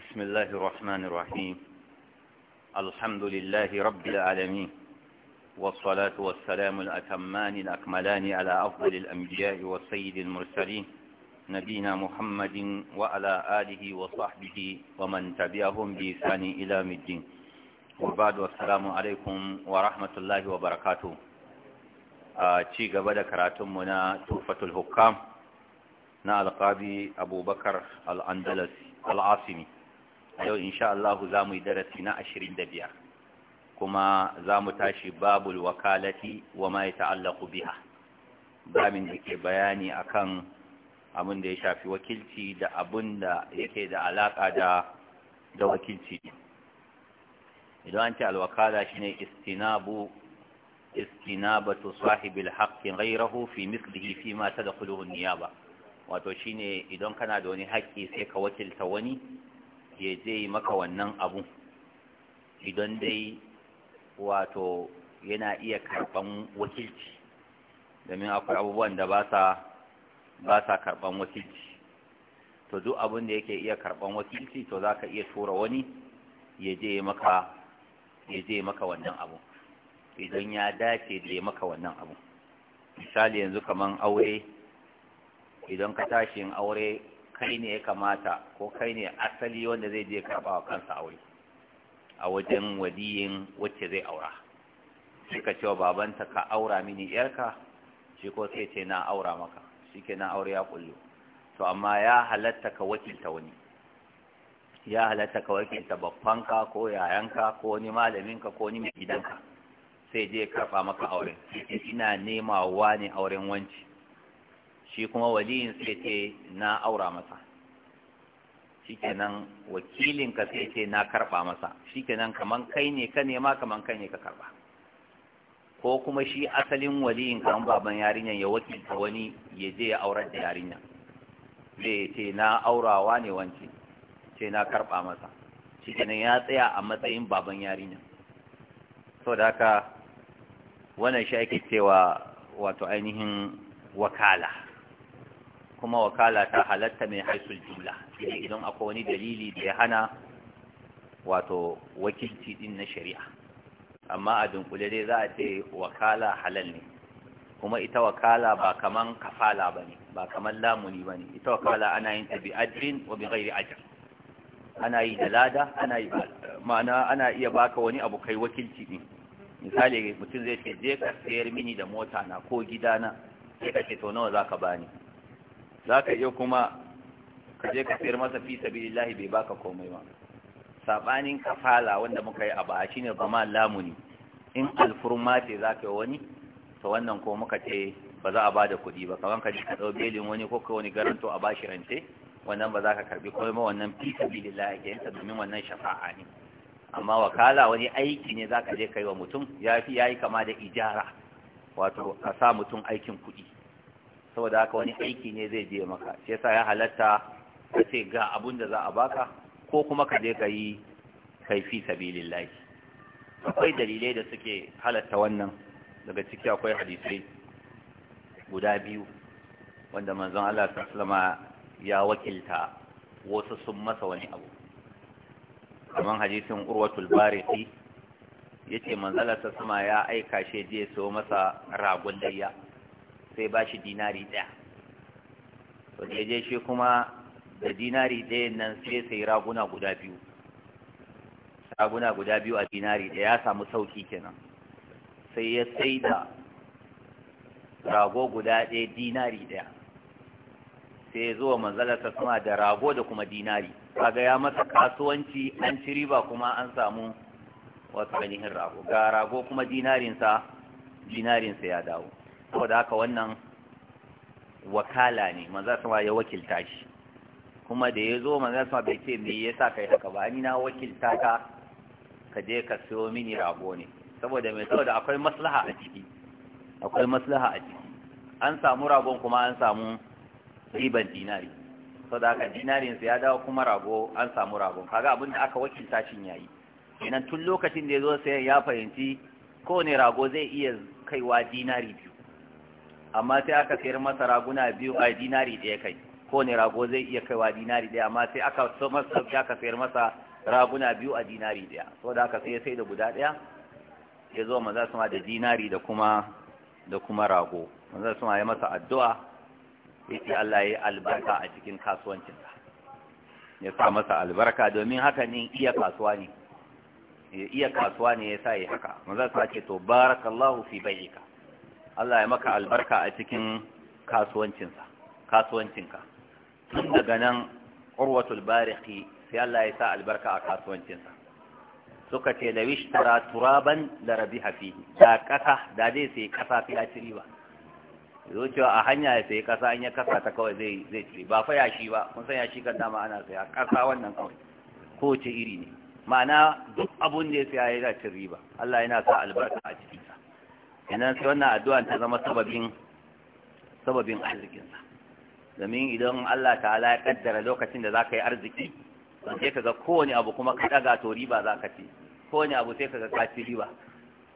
بسم الله الرحمن الرحيم الحمد لله رب العالمين والصلاة والسلام الأتمان الأكملان على أفضل الأنبياء والسيد المرسلين نبينا محمد وعلى آله وصحبه ومن تبعهم بإحسان إلى الدين وبعد والسلام عليكم ورحمة الله وبركاته ci gaba da karatunmu na tufatul hukam na alƙabi abubakar al'andalasi al'asimi yau insha Allah za mu yi darasi na ashirin da biyar kuma za mu tashi babul wakalati wa ma ya ta'allaku biha babin da ke bayani akan abin da ya shafi wakilci da abin da yake da alaƙa da da wakilci idan an ce alwakala shine istinabu istinabatu sahibil haqqi ghayrahu fi mithlihi fi ma tadkhuluhu an-niyaba wato shine idan kana da wani haƙƙi sai ka wakilta wani ya je maka wannan abu idan dai wato yana iya karɓan wakilci domin akwai abubuwan da ba sa karɓan wakilci to duk abin da yake iya karɓan wakilci to za ka iya tura wani ya je maka maka wannan abu idan ya dace da ya maka wannan abu misali yanzu kaman aure idan ka tashi yin aure kai ne ya kamata ko kai ne asali wanda zai je karɓa wa kansa aure a wajen wadiyin wacce zai aura ka cewa babanta ka aura mini yarka shi ko sai ce na aura maka shi ke na aure ya kullu to amma ya halatta ka wakilta wani ya halatta ka wakilta babbanka ko yayanka ko wani malaminka ko wani mai gidanka sai je karɓa maka aure ina nema wa ne auren wanci shi kuma waliyin sai ce na aura masa shikenan wakilin ka sai ce na karba masa shikenan kaman kai ne ka nema kaman kai ne ka karba ko kuma shi asalin waliyin ka an baban yarinyan ya wakilta wani ya je ya aurar da yarinyan zai ce na aurawa ne wance ce na karba masa shikenan ya tsaya a matsayin baban yarinyan da haka wannan shi ake cewa wato ainihin wakala kuma wakala ta halatta mai haisul jumla idan akwai wani dalili da ya hana wato wakilci din na shari'a amma a dunkule dai za a ce wakala halal ne kuma ita wakala ba kaman kafala ba ne ba kaman lamuni ba ne ita wakala ana yin tabi bi wa bi ghairi ajr ana yi da lada ana yi ma'ana ana iya baka wani abu kai wakilci din misali mutum zai ce je ka sayar mini da mota na ko gidana sai ka ce to nawa zaka bani za ka iya kuma ka je ka sayar masa fi lillahi bai baka komai ba Saɓanin kafala wanda muka yi a ba ne zama lamuni in alfurin ce za ka yi wani to wannan ko muka ce ba za a ba da kuɗi ba kamar ka ji ka ɗau belin wani ko ka wani garanto a bashi rance wannan ba za ka karbi komai ba wannan fi lillahi ke yanta domin wannan shafa'a ne amma wakala wani aiki ne za ka je ka yi wa mutum ya fi yayi kama da ijara wato ka sa mutum aikin kuɗi saboda haka wani aiki ne zai je maka shi yasa ya halatta ka ce ga abun da za a baka ko kuma ka je ka yi kaifi sabilillahi akwai dalilai da suke halatta wannan daga ciki akwai hadisai guda biyu wanda manzon Allah sallama ya wakilta wasu sun masa wani abu kamar hadisin urwatul barisi yace manzon Allah sallama ya aika shi je so masa ragon dayya sai ba shi dinari ɗaya to da je shi kuma da dinari ɗaya nan sai sai raguna guda biyu raguna guda biyu a dinari ɗaya ya samu sauki kenan sai ya sai da rago guda ɗaya dinari ɗaya sai ya zo wa manzalarsa da rago da kuma dinari kaga ya masa kasuwanci an ci riba kuma an samu wasu ganihin rago ga rago kuma dinarinsa dinarinsa ya dawo saboda haka wannan wakala ne manzo sama ya wakilta shi kuma da ya zo manzo sama bai ce me yasa kai haka ba ni na wakilta ka ka je ka siyo mini rago ne saboda mai saboda akwai maslaha a ciki akwai maslaha a ciki an samu ragon kuma an samu riban dinari saboda haka dinarin sa ya dawo kuma rago an samu ragon kaga abin da aka wakilta ya yayi kenan tun lokacin da ya zo sai ya fahimci kowane rago zai iya kaiwa dinari biyu amma sai aka sayar masa raguna biyu a dinari ɗaya kai ko ne rago zai iya kaiwa dinari ɗaya amma sai aka so masa sauki aka sayar masa raguna biyu a dinari ɗaya So da aka sai sai da guda ɗaya ya zo maza suma da dinari da kuma da kuma rago maza suma ya masa addu'a ce Allah ya albarka a cikin kasuwancinsa ya sa masa albarka domin haka ne iya kasuwa ne iya kasuwa ne ya sa yi haka maza suma ce to barakallahu fi bai'ika Allah ya maka albarka a cikin kasuwancinsa kasuwancinka tun daga nan ƙurwatul bariki sai Allah ya sa albarka a kasuwancinsa suka ce da tara turaban da rabi hafi da ƙasa da zai sai ƙasa fi ya ciri ba. zo cewa a hanya ya sai ƙasa an ya ƙasa ta kawai zai ciri, ba fa yashi ba kun san yashi kan dama ana saya ƙasa wannan kawai ko iri ne ma'ana duk abun da ya saya yana ciri riba Allah yana sa albarka a ciki kenan sai wannan addu'a ta zama sababin sababin arzikinsa domin idan Allah ta'ala ya kaddara lokacin da za ka yi arziki don sai ka ga kowane abu kuma ka ɗaga to riba za ka ci kowane abu sai ka ga ka ci riba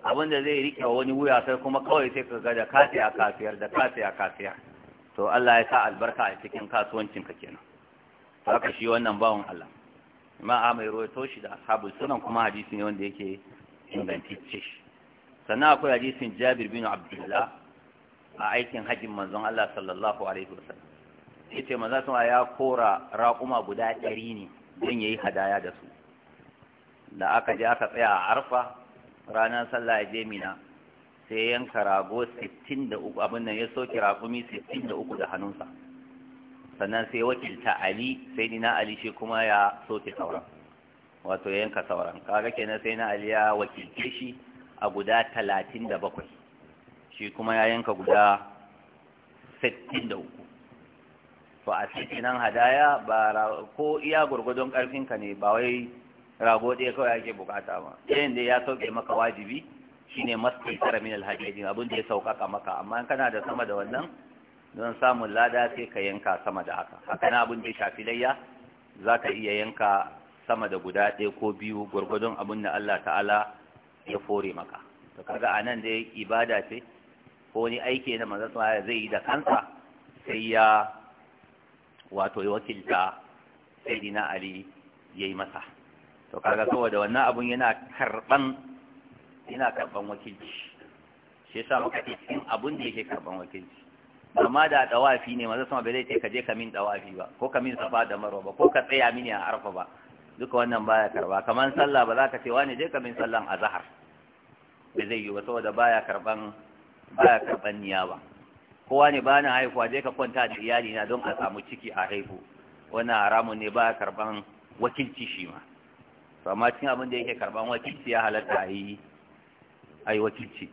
abin da zai rike wani wuya sai kuma kawai sai ka ga da ka a kafiyar da ka a kafiyar to Allah ya sa albarka a cikin kasuwancin ka kenan haka shi wannan bawan Allah imam Amir ruwaito shi da ashabul sunan kuma hadisi ne wanda yake ingantacce shi sannan akwai hadisin jabir bin abdullah a aikin hajjin manzon Allah sallallahu alaihi wasallam yace manzon sama ya kora raƙuma guda ɗari ne don yayi hadaya da su da aka je aka tsaya a arfa ranar sallah ya je mina sai yanka rago 63 abin nan ya soke raƙumi 63 da hannunsa sannan sai wakilta ali sai dina ali shi kuma ya soke sauran wato yanka sauran kaga kenan sai na ali ya wakilce shi a guda talatin da bakwai shi kuma ya yanka guda sittin da uku to a nan hadaya ba ko iya gurgudun ƙarfinka ne ba wai rago ɗaya kawai ake bukata ba ɗayan da ya sauke maka wajibi shine masjid min alhaji abin da ya sauƙaƙa maka amma kana da sama da wannan don samun lada sai ka yanka sama da haka haka na abin da ya shafi layya za ka iya yanka sama da guda ɗaya ko biyu gwargwadon abin da Allah ta'ala ya fore maka to kaga anan dai ibada ce ko ni aiki na manzon Allah zai yi da kansa sai ya wato ya wakilta sayyidina Ali yayi masa to kaga saboda wannan abun yana karban yana karban wakilci shi yasa muka ce cikin abun da yake karban wakilci amma da dawafi ne manzon Allah bai zai ce ka je ka min dawafi ba ko ka min safa da marwa ba ko ka tsaya mini a arfa ba duka wannan baya karba kaman sallah ba za ka ce wani je kamin sallan azhar ba zai yi ba saboda baya karban baya karban niyaba kowa ne bana haihuwa je ka kwanta da iyali na don a samu ciki a haihu wannan haramun ne baya karban wakilci shi ma to amma cikin abin da yake karban wakilci ya halatta a yi a yi wakilci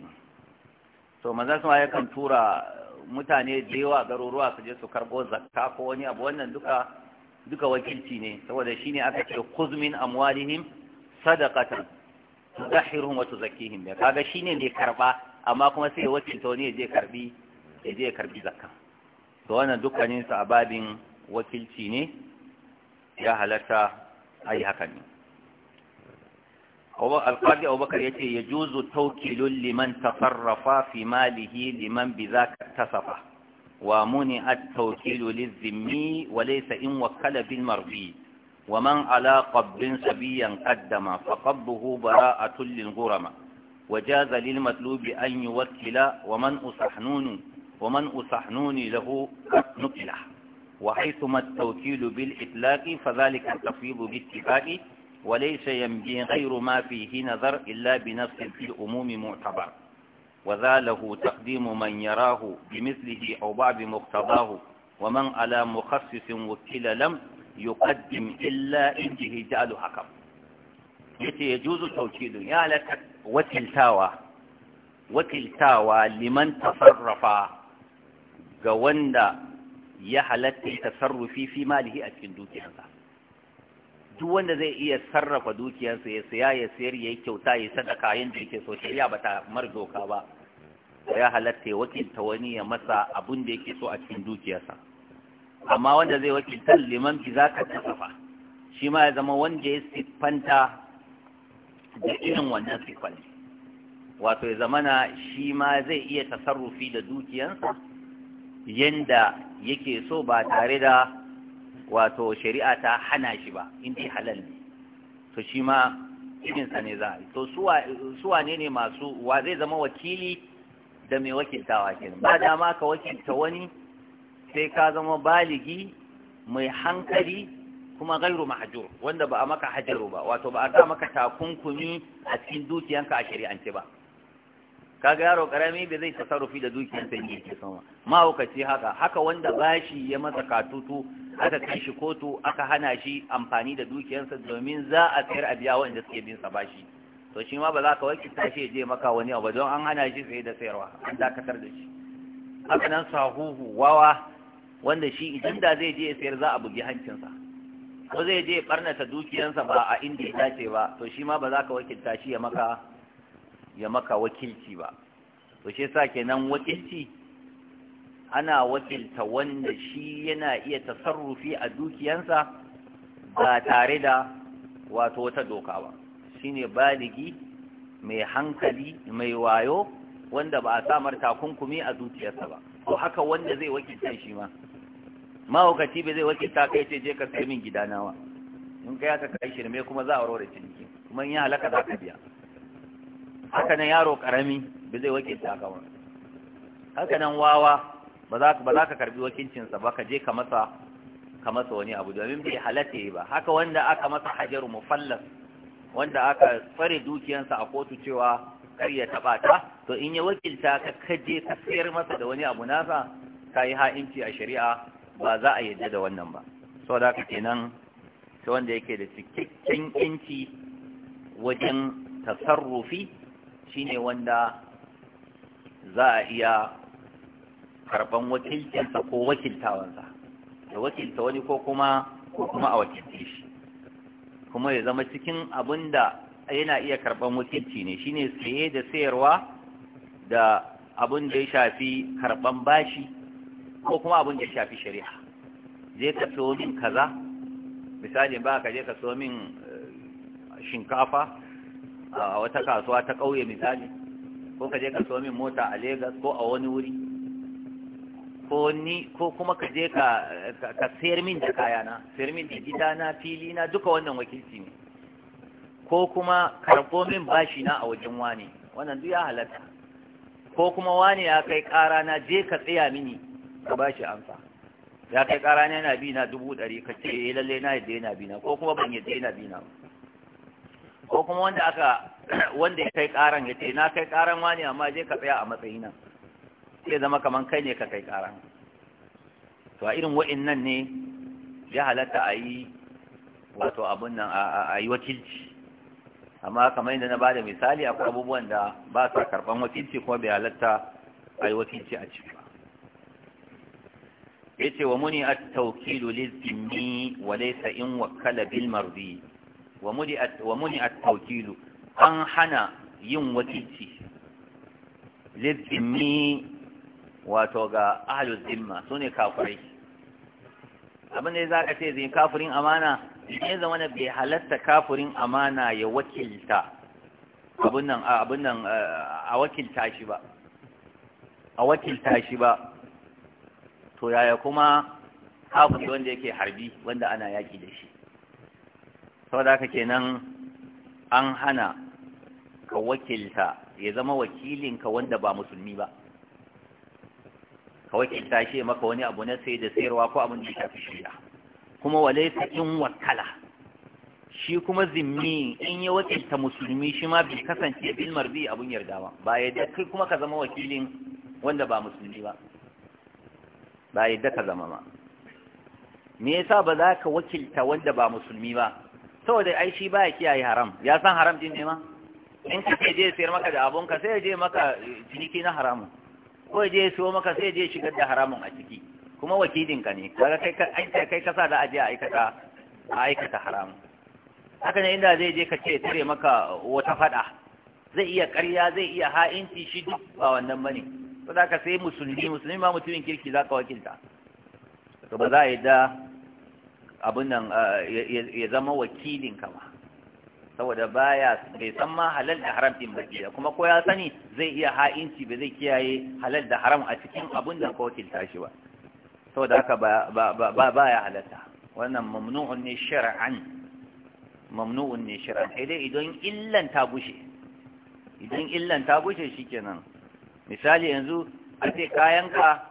to manzan sama yakan tura mutane da yawa garuruwa su je su karɓo zakka ko wani abu wannan duka duka wakilci ne saboda shine aka ce khuz min amwalihim sadaqatan tudahhiruhum wa tuzakkihim da kaga shine ne karba amma kuma sai wakilta wani ya je karbi ya je karbi zakka to wannan dukkanin sa ababin wakilci ne ya halatta ai haka ne القاضي أبو بكر يتي يجوز توكيل لمن تصرف في ماله لمن بذاك اتصفه ومنع التوكيل للذمي وليس إن وكل بالمرضي ومن على قبض سبيا قدم فقبضه براءة للغرم وجاز للمطلوب أن يوكل ومن أصحنون ومن أصحنون له نكله وحيثما التوكيل بالإطلاق فذلك التفيض باتفاق وليس ينبغي غير ما فيه نظر إلا بنفس في الأموم معتبر وذاله تقديم من يراه بمثله أو بعض مقتضاه ومن على مخصص وكل لم يقدم إلا إنه جعل حكم يتي يجوز التوكيد يا لك وتلتاوى وتلتاوى لمن تصرف جوند يحلت التصرف في ماله أتكندوك أنصار duk wanda zai iya sarrafa dukiyarsa ya siya ya sayar ya yi kyauta ya sadaka yadda yake so shari'a ba ta mar doka ba ya halatta ya wakilta wani ya masa abun da yake so a cikin dukiyarsa amma wanda zai wakilta liman bi za ka tasafa shi ma ya zama wanda ya siffanta da irin wannan siffan wato ya zama na shi ma zai iya tasarrufi da dukiyarsa yanda yake so ba tare da wato shari'a ta hana shi ba in dai halal ne to shi ma irinsa ne za a yi to suwa ne ne masu wa zai zama wakili da mai wakiltawa kenan ba dama ka wakilta wani sai ka zama baligi mai hankali kuma gairu mahajur wanda ba a maka hajaru ba wato ba a sa maka takunkumi a cikin dukiyanka a shari'ance ba kaga yaro karami bai zai tasarrufi da dukiyanta ne ke sama haka haka wanda bashi ya masa katutu aka kai shi kotu aka hana shi amfani da dukiyarsa domin za a tsayar a biya wanda suke bin sa bashi to shi ma ba za ka wakilta shi je maka wani abu don an hana shi sai da tsayarwa, an dakatar da shi haka nan sahuhu wawa wanda shi idan da zai je sayar za a bugi hancinsa ko zai je ya barnata dukiyarsa ba a inda ya dace ba to shi ma ba za ka wakilta shi ya maka ya maka wakilci ba to shi yasa kenan wakilci ana wakilta wanda shi yana iya tasarrufi a dukiyansa ba tare da wato wata doka ba shine baligi mai hankali mai wayo wanda ba a samar takunkumi a dukiyarsa ba to haka wanda zai wakilta shi ma mahaukaci bai zai wakilta kai ce je ka sai min gida nawa in kai aka kai shirme kuma za a rora ciniki kuma in ya halaka za ka biya haka nan yaro karami bai zai wakilta ka ba haka nan wawa ba za ka ba za ka karbi wakilcinsa ba ka je ka masa wani abu domin bai halatta ba haka wanda aka masa hajaru mufallas wanda aka tsare dukiyansa a kotu cewa kar ya taba ta to in ya wakilta ka kaje ka sayar masa da wani abu nasa ka yi ha'inci a shari'a ba za a yadda da wannan ba so da kenan ta wanda yake da cikakken inci wajen tasarrufi shine wanda za a iya karban wakilcinsa ko wakiltawansa ya wakilta wani ko kuma ko kuma a wakilce shi kuma ya zama cikin abin da yana iya karban wakilci ne shine saye da sayarwa da abin da ya shafi karban bashi ko kuma abin da ya shafi shari'a zai ka so min kaza misali ba ka je ka so min eh, shinkafa a wata kasuwa ta ƙauye misali ko ka je ka so min mota a Legas ko a wani wuri ko ni ko kuma ka je ka ka sayar min da kayana sayar min da na fili na duka wannan wakilci ne ko kuma rabo min bashi na a wajen wani wannan duk ya halatta ko kuma wani ya kai ƙara na je ka tsaya mini ka bashi amsa ya kai ƙara na yana bi na dubu ɗari ka ce eh lalle na yadda yana bi na ko kuma ban yadda yana bi na ko kuma wanda aka wanda ya kai ƙaran ya ce na kai ƙaran wani amma je ka tsaya a matsayina sai zama kaman kai ne ka kai ƙara to a irin nan ne ya halatta a yi wato abun nan a yi wakilci amma kamar yadda na ba da misali akwai abubuwan da ba sa karɓan wakilci kuma bai halatta a yi wakilci a ciki ba ya ce wa muni a taukilu lizimi wa laisa in wakala bil marzi wa muni a taukilu an hana yin wakilci lizimi wato ga Ahalus zimma su ne kafirai abin da za ka ce zai kafirin amana ne zama na bai halatta kafirin amana ya wakilta abin nan a wakilta shi ba a wakilta shi ba to yaya kuma kafiri wanda yake harbi wanda ana yaki da shi sau da kenan an hana ka wakilta ya zama wakilinka wanda ba musulmi ba ka wakilta maka wani abu na sai da sayarwa ko abin da ya shafi shari'a kuma ta in wakala shi kuma zimmi in ya wakilta musulmi shi ma bai kasance bil marbi abun yarda ba ba yadda kai kuma ka zama wakilin wanda ba musulmi ba ba yadda ka zama ma me yasa ba za ka wakilta wanda ba musulmi ba saboda ai shi baya kiyaye haram ya san haram din ne ma in ka je sayar maka da abun ka sai ya je maka ciniki na haramun kawai je so maka sai je shigar da haramun a ciki kuma wakilinka ne kaga kai ka kai kasa da aje a aikata a aikata haramun haka ne inda zai je ka ce tare maka wata fada zai iya ƙarya zai iya ha'inci shi duk ba wannan bane to da ka sai musulmi musulmi ma mutumin kirki za ka wakilta to ba za a yi da abun nan eh, ya zama wakilinka ba saboda baya bai san ma halal da haram din ba kuma ko ya sani zai iya ha'inci ba zai kiyaye halal da haram a cikin abin da ko wakilta shi ba saboda haka ba ba ya halatta wannan mamnu'un ne shar'an mamnu'un ne shar'an sai dai idan illan ta gushe idan illan ta gushe shikenan misali yanzu a ce kayanka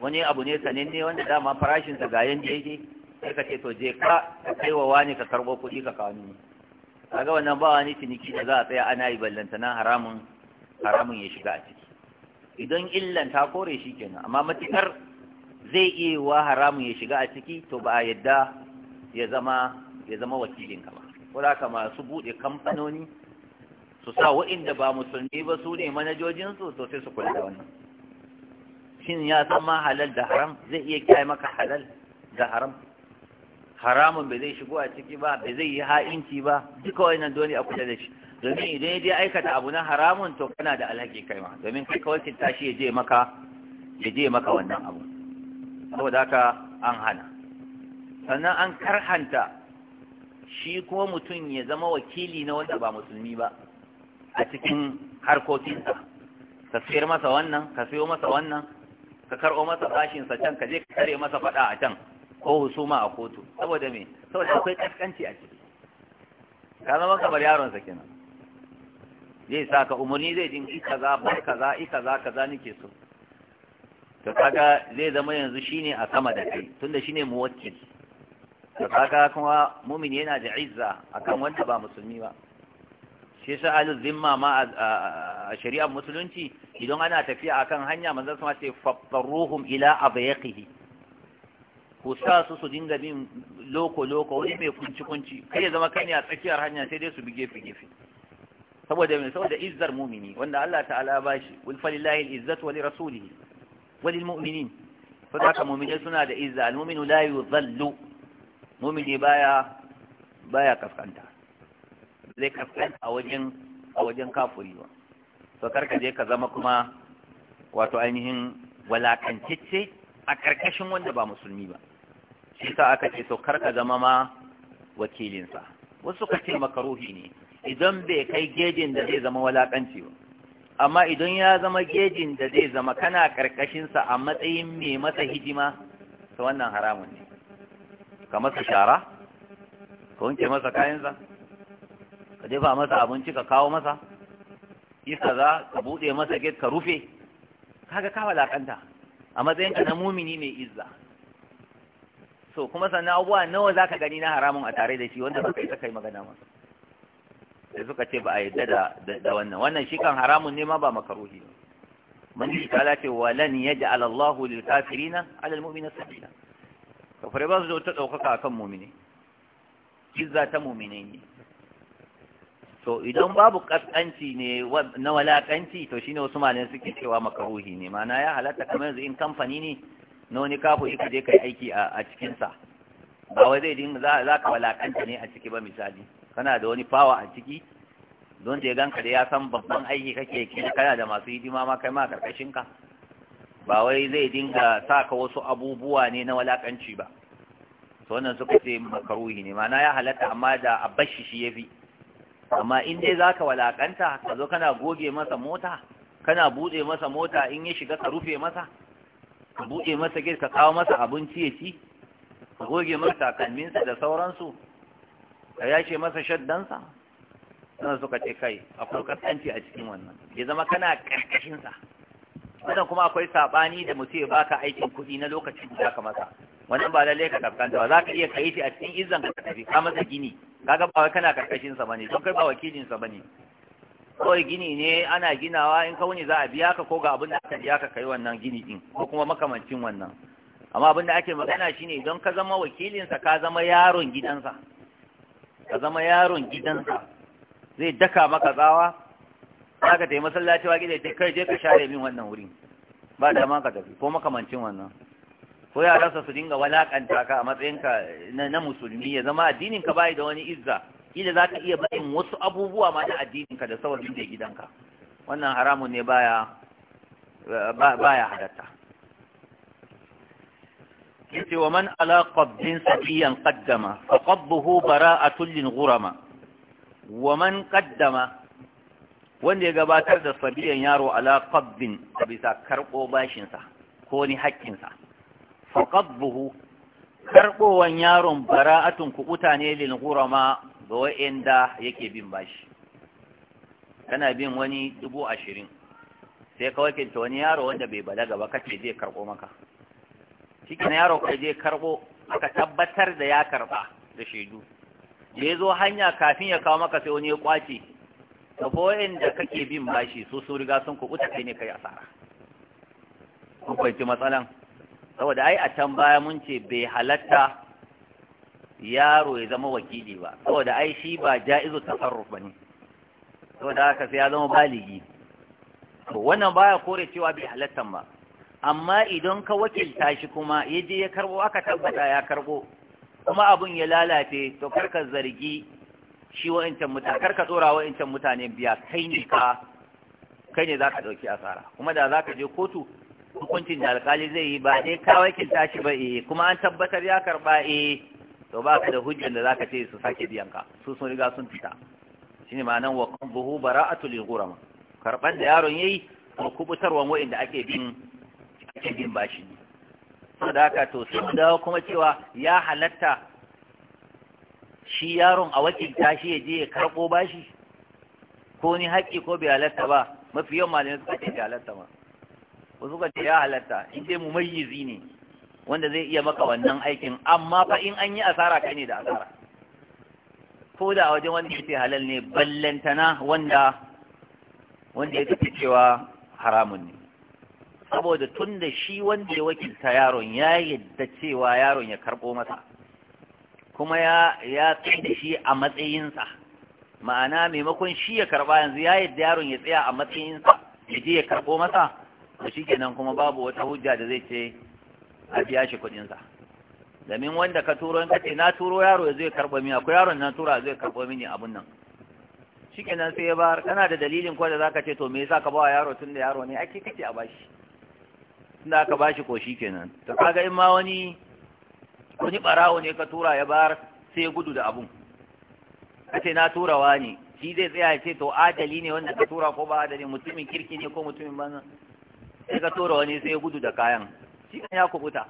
wani abu ne sanin ne wanda dama farashinsa ga yanda yake sai ka ce to je ka ka kai wa wani ka karɓo kuɗi ka kawo ni kaga wannan ba wani ciniki da za a tsaya ana yi ballantana haramun haramun ya shiga a ciki idan illan ta kore shi kenan amma matukar zai iya wa haramun ya shiga a ciki to ba a yadda ya zama ya zama wakilin ka ba ko da masu buɗe kamfanoni su sa wa'inda ba musulmi ba su ne manajojin su to sai su kula da wannan shin ya san ma halal da haram zai iya kai maka halal da haram haramun bai zai shigo a ciki ba bai zai yi ha'inci ba duka wannan dole a kula da shi domin idan ya je aikata abu na haramun to kana da alhaki kai ma domin kai kawai ki tashi ya je maka ya je maka wannan abu saboda haka an hana sannan an karhanta shi kuma mutum ya zama wakili na wanda ba musulmi ba a cikin harkokinsa ka sayar masa wannan ka sayo masa wannan ka karɓo masa bashinsa can ka je ka kare masa faɗa a can ko husuma a kotu saboda me saboda akwai kaskanci a ciki ka zama kamar yaron sa kenan zai sa ka umarni zai jin i kaza ba kaza za ka za nake so to kaga zai zama yanzu shine a sama da kai tunda shine muwakkil to kaga kuma mumin yana da izza akan wanda ba musulmi ba shi sa alu zimma ma a shari'ar musulunci idan ana tafiya akan hanya manzon sama ce fattaruhum ila adyaqihi ku sa su su dinga bin loko-loko wani mai kunci-kunci kai ya zama kani a tsakiyar hanya sai dai su bi gefe-gefe saboda mai saboda izzar mumini wanda Allah ta'ala ba shi ulfalillahi izzatu wa li wani wa lil mu'minin saboda haka mu'mini suna da izza al mu'minu la yudhallu mu'mini baya baya kaskanta zai kaskanta a wajen a wajen kafuri ba to karka je ka zama kuma wato ainihin walakantacce a karkashin wanda ba musulmi ba shi sa aka ce to karka zama ma wakilinsa wasu ka ce makaruhi ne idan bai kai gejin da zai zama walakanci ba amma idan ya zama gejin da zai zama kana karkashinsa a matsayin mai masa hidima ta wannan haramun ne ka masa shara ka wanke masa kayansa ka jefa masa abinci ka kawo masa Iska za ka buɗe masa get ka rufe kaga ka walakanta a matsayinka na mumini mai izza so kuma sannan abuwa nawa zaka gani na haramun a tare da shi wanda suka yi kai magana masa sai suka ce ba a yadda da da wannan wannan shi kan haramun ne ma ba makaruhi ne man shi ta lace wa lan yaj'al Allahu lil kafirina 'ala al mu'minina sabila kafare ba su ta daukaka akan mu'mini izza ta mu'mini ne to idan babu kaskanci ne na walakanci to shine wasu malamai suke cewa makaruhi ne ma'ana ya halatta kamar yanzu in kamfani ne na wani kafuri ka je kai aiki a cikinsa ba wai zai dinga za ka walakanta ne a ciki ba misali kana da wani fawa a ciki don da ya ganka da ya san babban aiki kake ki kana da masu hidima ma kai ma karkashin ka ba wai zai dinga saka wasu abubuwa ne na walakanci ba to wannan suka ce makaruhi ne mana ya halatta amma da abashi shi yafi amma in dai zaka walakanta ka zo kana goge masa mota kana bude masa mota in ya shiga ka rufe masa ka buɗe masa gate ka kawo masa abinci ya ci ka goge masa takalminsa da sauransu ka yashe masa shaddansa sannan suka ce kai akwai kasance a cikin wannan ya zama kana ƙarƙashinsa wannan kuma akwai saɓani da mutum ya baka aikin kuɗi na lokacin da ka masa wannan ba lalle ka da ba za ka iya kai shi a cikin izan ka tafi ka masa gini ga ba wai kana ba ne, don kai ba wakilinsa ba ne. kawai gini ne ana ginawa in kauni za a biya ka ko ga abin da aka biya ka kai wannan gini din ko kuma makamancin wannan amma abin da ake magana shine idan ka zama wakilinsa ka zama yaron gidansa ka zama yaron gidansa zai daka maka tsawa za ka ta'i masallaci wa gida ya kai je ka share min wannan wurin ba da ma ka tafi ko makamancin wannan ko yaransa su dinga walakanta ka a matsayinka na musulmi ya zama addinin ka bai da wani izza kila za ka iya barin wasu abubuwa ma na addininka da saurin da gidanka wannan haramun ne baya baya halatta yace wa man ala qabdin safiyan qaddama fa qabduhu bara'atun lil ghurama wa man qaddama wanda ya gabatar da sabiyan yaro ala qabdin bisa karbo bashin sa ko ni hakkin sa fa qabduhu karbowan yaron bara'atun kubuta ne lil ghurama ga wa'inda yake bin bashi kana bin wani dubu ashirin sai ka wakilta wani yaro wanda bai balaga ba kace zai karɓo maka cikin yaro kai zai karɓo aka tabbatar da ya karɓa da shaidu ya zo hanya kafin ya kawo maka sai wani ya kwace da foyin da kake bin bashi su sun riga sun kuɓuta kai ne kai asara kun kwanci matsalan saboda ai a can baya mun ce bai halatta yaro ya zama wakili ba saboda ai shi ba ja'izu tasarruf bane saboda haka sai ya zama baligi to wannan baya kore cewa bai halattan ba amma idan ka wakilta shi kuma yaje ya karbo aka tabbata ya karbo kuma abun ya lalace to karka zargi shi wa'incan mutane karka tsora wa'incan mutane biya kai ne ka kai ne zaka dauki asara kuma da zaka je kotu hukuncin da alkali zai yi ba dai ka wakilta shi ba eh kuma an tabbatar ya karba eh to ba ka da hujjan da zaka ce su sake biyan ka su sun riga sun fita shine ma'anan wa bara? bara'atu lil ghurama karban da yaron yayi ko kubutarwan wa'inda ake bin ake bin bashi saboda haka to sun dawo kuma cewa ya halatta shi yaron a wakilta shi ya je ya karɓo bashi ko ni haƙƙi ko bai halatta ba mafi yawan malamai suka ce bai halatta ba wasu suka ce ya halatta in dai mumayyizi ne wanda zai iya maka wannan aikin amma fa in an yi asara kai ne da asara ko da wajen wanda yake halal ne ballantana wanda wanda yake cewa haramun ne saboda tun da shi wanda ya wakilta yaron ya yadda cewa yaron ya karɓo masa kuma ya ya da shi a matsayinsa ma'ana maimakon shi ya karɓa yanzu ya yadda yaron ya tsaya a matsayinsa ya je ya karɓo masa to shikenan kuma babu wata hujja da zai ce a biya shi kuɗinsa domin wanda ka turo in kace na turo yaro ya zai karɓo mini akwai yaron na tura zai karɓo mini abun nan nan sai ya ba kana da dalilin ko da ka ce to me yasa ka ba yaro tun da yaro ne ake kake a bashi tun da aka bashi ko shi shikenan to kaga in ma wani wani ɓarawo ne ka tura ya bar sai ya gudu da abun kace na wa ne shi zai tsaya ya ce to adali ne wanda ka tura ko ba adali mutumin kirki ne ko mutumin banza sai ka tura wani sai ya gudu da kayan shi ya kubuta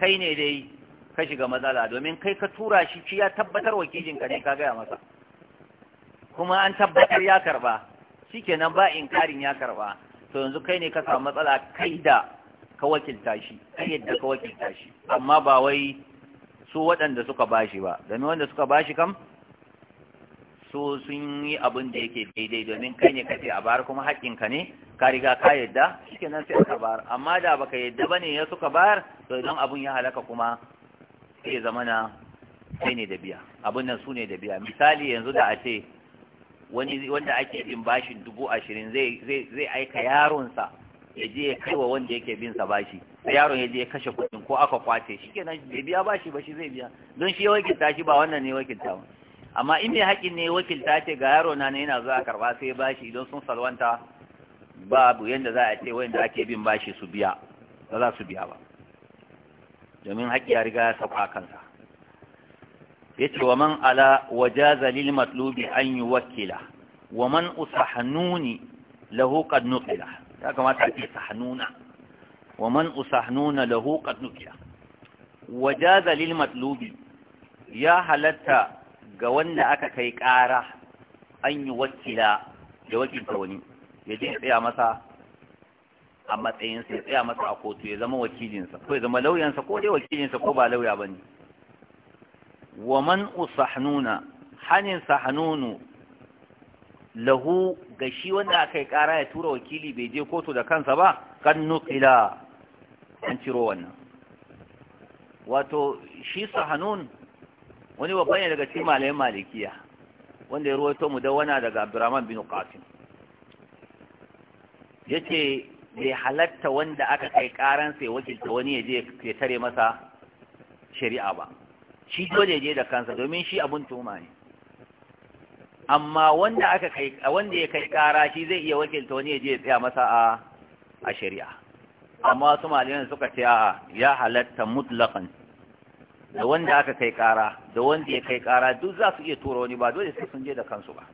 kai ne dai ka shiga matsala domin kai ka tura shi shi ya tabbatar ka ne ka gaya masa kuma an tabbatar ya karba shikenan ba inkarin ya karba to yanzu kai ne ka samu matsala kai da ka wakilta shi kai yadda ka wakilta shi amma ba wai su waɗanda suka ba shi ba domin wanda suka ba shi kam su sun yi abin da yake daidai domin kai ne ka ce a bar kuma haƙƙinka ne ka riga ka yadda shikenan sai aka bayar amma da baka yadda bane ya suka bayar to idan abun ya halaka kuma sai zamana sai ne da biya abun nan su ne da biya misali yanzu da a ce wani wanda ake bin bashin dubu ashirin zai aika yaronsa ya je ya kaiwa wanda yake bin sa bashi sai yaron ya je ya kashe kuɗin ko aka kwace shi kenan bai biya bashi ba shi zai biya don shi ya wakilta shi ba wannan ne wakilta amma in mai haƙin ne wakilta ce ga yaro na ne yana zuwa karɓa sai bashi don sun salwanta babu yadda za a ce wayanda ake bin bashi su biya ba za su biya ba domin haƙƙi ya riga ya sauka kansa Ya ce wa man ala wajaza lil matlubi an yi wakila, wa man usahnuni lahu qad nuqila ya kamata a ce sahnuna wa man usahnuna lahu qad nuqila wajaza lil matlubi ya halatta ga wanda aka kai ƙara an yi wakila da wakilta wani ya je tsaya masa a matsayinsa ya tsaya masa a kotu ya zama wakilinsa ko ya zama lauyansa ko dai wakilinsa ko ba lauya ba ne wa man usahnuna hanin sahnunu lahu ga shi wanda aka yi kara ya tura wakili bai je kotu da kansa ba kan nukila an ciro wannan wato shi sahanun wani babban ne daga cikin malayin malikiya wanda ya ruwaito mu da wana daga abdurrahman bin qasim yace bai halatta wanda aka kai karan sai wakilta wani ya je ya tare masa shari'a ba shi dole ya je da kansa domin shi abun tuma ne amma wanda aka kai wanda ya kai kara shi zai iya wakilta wani ya je ya tsaya masa a a shari'a amma wasu malaman suka ce a ya halatta mutlaqan da wanda aka kai kara da wanda ya kai kara duk za su iya tura wani ba dole sai sun je da kansu ba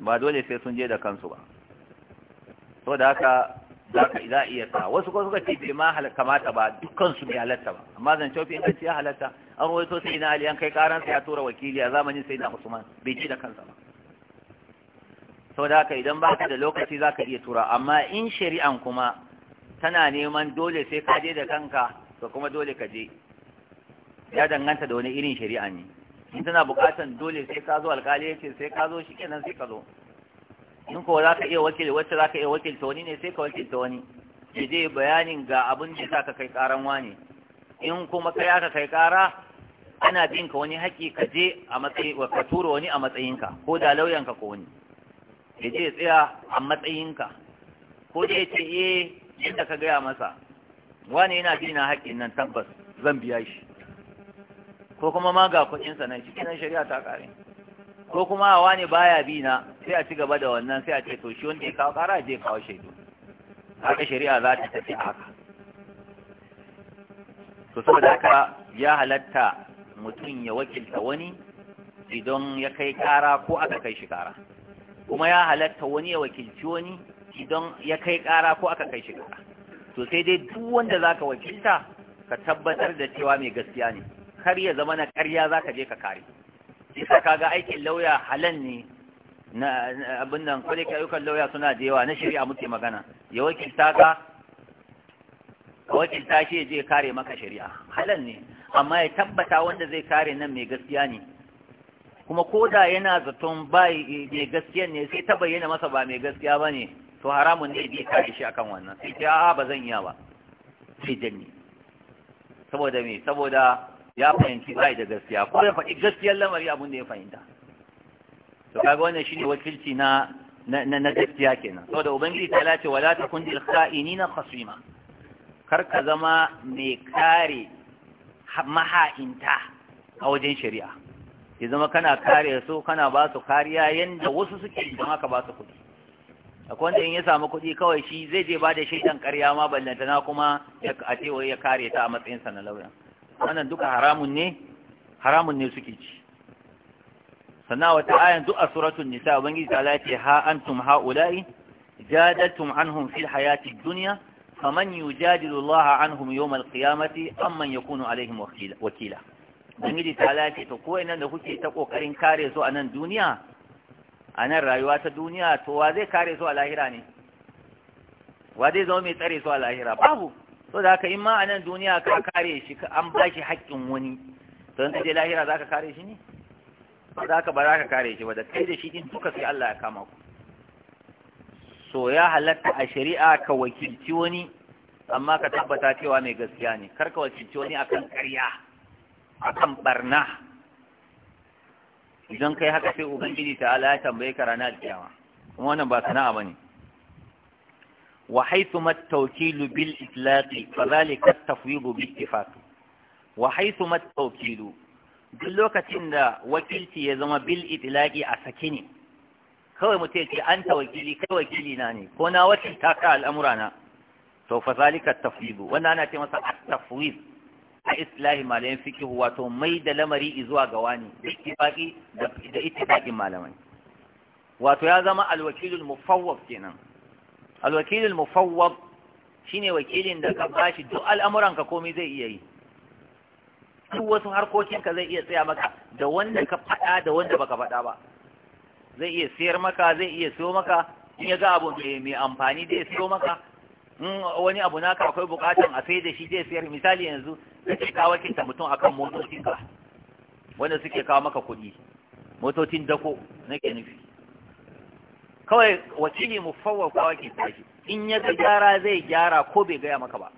ba dole sai sun je da kansu ba saboda haka za ka za iya sa wasu ko suka ce bai ma kamata ba dukkan su bai halatta ba amma zan cewa in ya halatta an to sai na ali an kai karan sai ya tura wakili a zamanin sai na usman bai ji da kansa ba saboda haka idan ba ka da lokaci za ka iya tura amma in shari'an kuma tana neman dole sai ka je da kanka to kuma dole ka je ya danganta da wani irin shari'a ne in tana bukatan dole sai ka zo alƙali ya ce sai ka zo shi kenan sai ka zo in ko za ka iya wakil wacce za ka iya wakilta wani ne sai ka wakilta wani Ki je bayanin ga abin da sa ka kai karan wani in kuma kai aka kai kara ana bin ka wani haƙi ka je a matsayi ka tura wani a matsayinka ko da lauyanka ko wani Ki je tsaya a matsayinka ko da ya ce eh yadda ka gaya masa wani yana bi na haƙƙin nan tabbas zan biya shi ko kuma ma ga kuɗinsa nan cikin shari'a ta ƙare ko kuma a ne baya bi na sai a ci gaba da wannan sai a ce to shi wanda ya kawo kara je kawo shaidu haka shari'a za ta tafi haka to saboda haka ya halatta mutum ya wakilta wani idan ya kai kara ko aka kai shi kara kuma ya halatta wani ya wakilci wani idan ya kai kara ko aka kai shi kara to sai dai duk wanda zaka wakilta ka tabbatar da cewa mai gaskiya ne kar ya zama na ƙarya zaka je ka kare isa kaga aikin lauya halan ne na abin nan ko ayyukan lauya suna da yawa na shari'a muke magana ya wakilta ka wakilta shi zai kare maka shari'a halan ne amma ya tabbata wanda zai kare nan mai gaskiya ne kuma ko da yana zaton ba mai gaskiya ne sai ta bayyana masa ba mai gaskiya ba ne to haramun ne zai kare shi akan wannan sai ta ba zan iya ba sai danni saboda me saboda ya fahimci bai da gaskiya ko ya faɗi gaskiyar lamari abin da ya fahimta to kaga wannan shine wakilci na na gaskiya kenan saboda ubangiji ta lace wala takun lil na khasima kar ka zama mai kare maha'inta a wajen shari'a ya zama kana kare su kana ba su kariya yanda wasu suke idan aka ba su kuɗi akwai wanda in ya samu kuɗi kawai shi zai je ba da shaidan ƙarya ma ballantana kuma a ce ya kare ta a matsayinsa na lauyan wannan duka haramun ne haramun ne suke ci sannan wata ayan duk a suratul nisa ubangiji ta lati ha antum haula'i jadaltum anhum fil hayati dunya faman yujadilu Allah anhum yawm al-qiyamati amman yakunu alaihim wakila ubangiji ta lati to ko inan da kuke ta kokarin kare su a nan duniya a nan rayuwa ta duniya to wa zai kare su a lahira ne wa zai zama mai tsare su a lahira babu so da haka in ma a nan duniya ka kare shi an ba shi haƙƙin wani to in je lahira za ka kare shi ne so da ba za ka kare shi ba da kai da shi in suka sai Allah ya kama ku so ya halatta a shari'a ka wakilci wani amma ka tabbata cewa mai gaskiya ne kar ka wakilci wani akan ƙarya akan barna idan kai haka sai ubangiji ta ala ya tambaye ka ranar kiyama kuma wannan ba sana'a bane وحيثما التوكيل بالإطلاق duk lokacin da wakilci ya zama إن وكيلتي a sake ne? kawai mutum ce an ta wakili, kai wakili na ne ko na wata ta ka al'amura na to fa zalika tafwidu wannan ana ce masa at-tafwid a islahi malamin fiqh wato mai da lamari zuwa ga wani ittifaqi da ittifaqin malamai wato ya zama al-wakilul mufawwaf kenan Alwakilin alwakilul shi ne wakilin da ka bashi duk al'amuranka komai zai iya yi duk wasu harkokinka zai iya tsaya maka da wanda ka faɗa da wanda baka faɗa ba zai iya siyar maka zai iya siyo maka in ya ga abu mai amfani zai siyo maka in wani abu naka akwai bukatan a sai da shi zai siyar misali yanzu da ke kawo kinta mutum akan motocinka wanda suke kawo maka kuɗi motocin dako nake nufi kawai wakili mu fawar kwa wakil tashi in ya ga gyara zai gyara ko bai gaya maka ba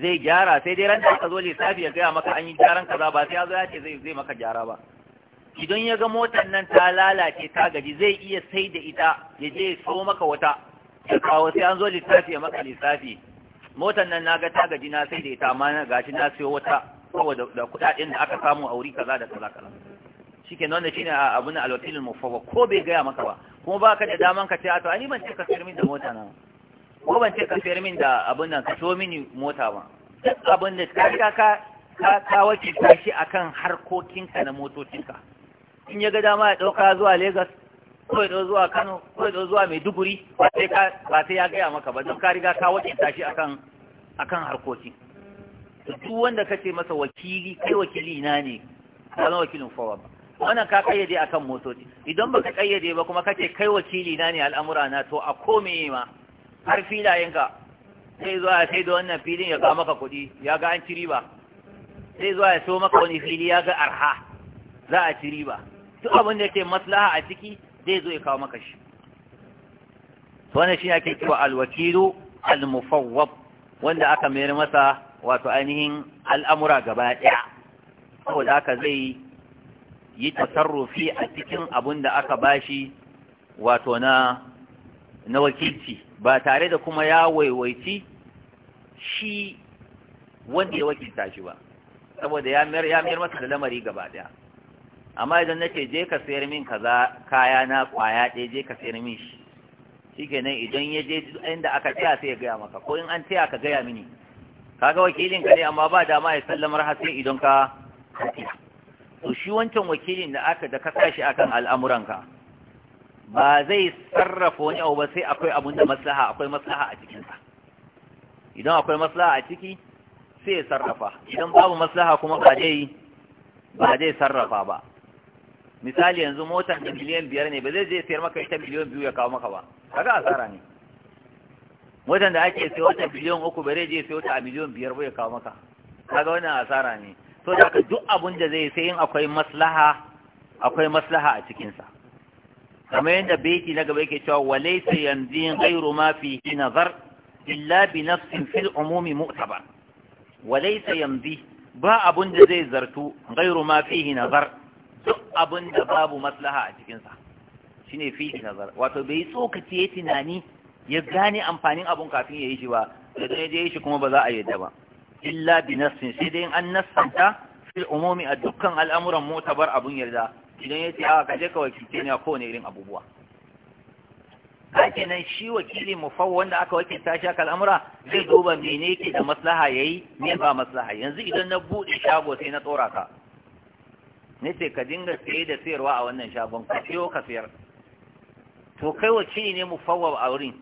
zai gyara sai dai ran da aka zo lissafi ya gaya maka an yi gyaran kaza ba sai ya zo ya ce zai zai maka gyara ba idan ya ga motar nan ta lalace ta gaji zai iya sai da ita ya je ya so maka wata ya kawo sai an zo lissafi ya maka lissafi motar nan na ga ta gaji na sai da ita amma na gashi na sayo wata saboda da kudaden da aka samu a wuri kaza da kaza kaza shike nan wannan shine abun alwakilul mufawwa ko bai gaya maka ba kuma baka da daman ka ce a to ani ban ce ka sayar min da mota na ko ban ce ka sayar min da abun nan ka so mini mota ba duk abun da ka ka ka ka ka wakilta shi akan harkokinka na motocinka in ya ga dama ya dauka zuwa Lagos ko ya zuwa Kano ko ya zuwa Maiduguri ba sai ka ba sai ya gaya maka ba don ka riga ka wakilta shi akan akan harkokin duk wanda kace masa wakili kai wakili na ne kana wakilin fawa ba wannan ka kayyade akan motoci idan baka kayyade ba kuma kace kai wakili na ne al'amura na to a kome ma har filayenka sai zuwa ya sai da wannan filin ya ga maka kuɗi ya ga an ciri ba sai zuwa ya so maka wani fili ya ga arha za a ciri ba. duk abin da yake maslaha a ciki zai zo ya kawo maka shi To wannan shi ake cewa alwakilu almufawwab wanda aka mayar masa wato ainihin al'amura gaba ɗaya saboda haka zai yi tasarrufi a cikin abin da aka bashi wato na na wakilci ba tare da kuma ya waiwaici shi wanda ya wakilta shi ba saboda ya mayar ya mayar masa da lamari gaba daya amma idan nace je ka sayar min kaza kaya na kwaya ɗaya je ka sayar min shi shikenan idan ya je inda aka tsaya sai ya gaya maka ko in an tsaya ka gaya mini kaga wakilin ka ne amma ba dama ya sallamar har sai idan ka tafiya to shi wancan wakilin da aka da ka sashi akan al'amuranka ba zai sarrafa wani abu ba sai akwai abun da maslaha akwai maslaha a cikinsa idan akwai maslaha a ciki sai ya sarrafa idan babu maslaha kuma ba zai ba zai sarrafa ba misali yanzu motar da miliyan biyar ne ba zai je sayar maka ita miliyan biyu ya kawo maka ba kaga asara ne motar da ake sayo ta miliyan uku ba zai je sayo ta a miliyan biyar ba ya kawo maka kaga wannan asara ne so da ka duk abin da zai sai yin akwai maslaha akwai maslaha a cikinsa kamar yadda baiti na gaba yake cewa walaysa yanzin ghayru ma fi nazar illa bi nafsin fil umumi mu'tabar walaysa yanzi ba abin da zai zartu ghayru ma fihi nazar duk abin da babu maslaha a cikinsa shine fi nazar wato bai tsokace tunani ya gane amfanin abun kafin ya yi shi ba da ya je shi kuma ba za a yadda ba illa bi nassin sai dai an nassanta fil umumi a dukkan al'amuran mutabar abun yarda idan yace a kaje ka wakilce ne a kowane irin abubuwa kenan shi wakili mufaw wanda aka wakilta shi aka al'amura zai duba mene yake da maslaha yayi ne ba maslaha yanzu idan na bude shago sai na tsora ka nace ka dinga saye da sayarwa a wannan shagon ka siyo ka sayar to kai wakili ne mufawwab a wurin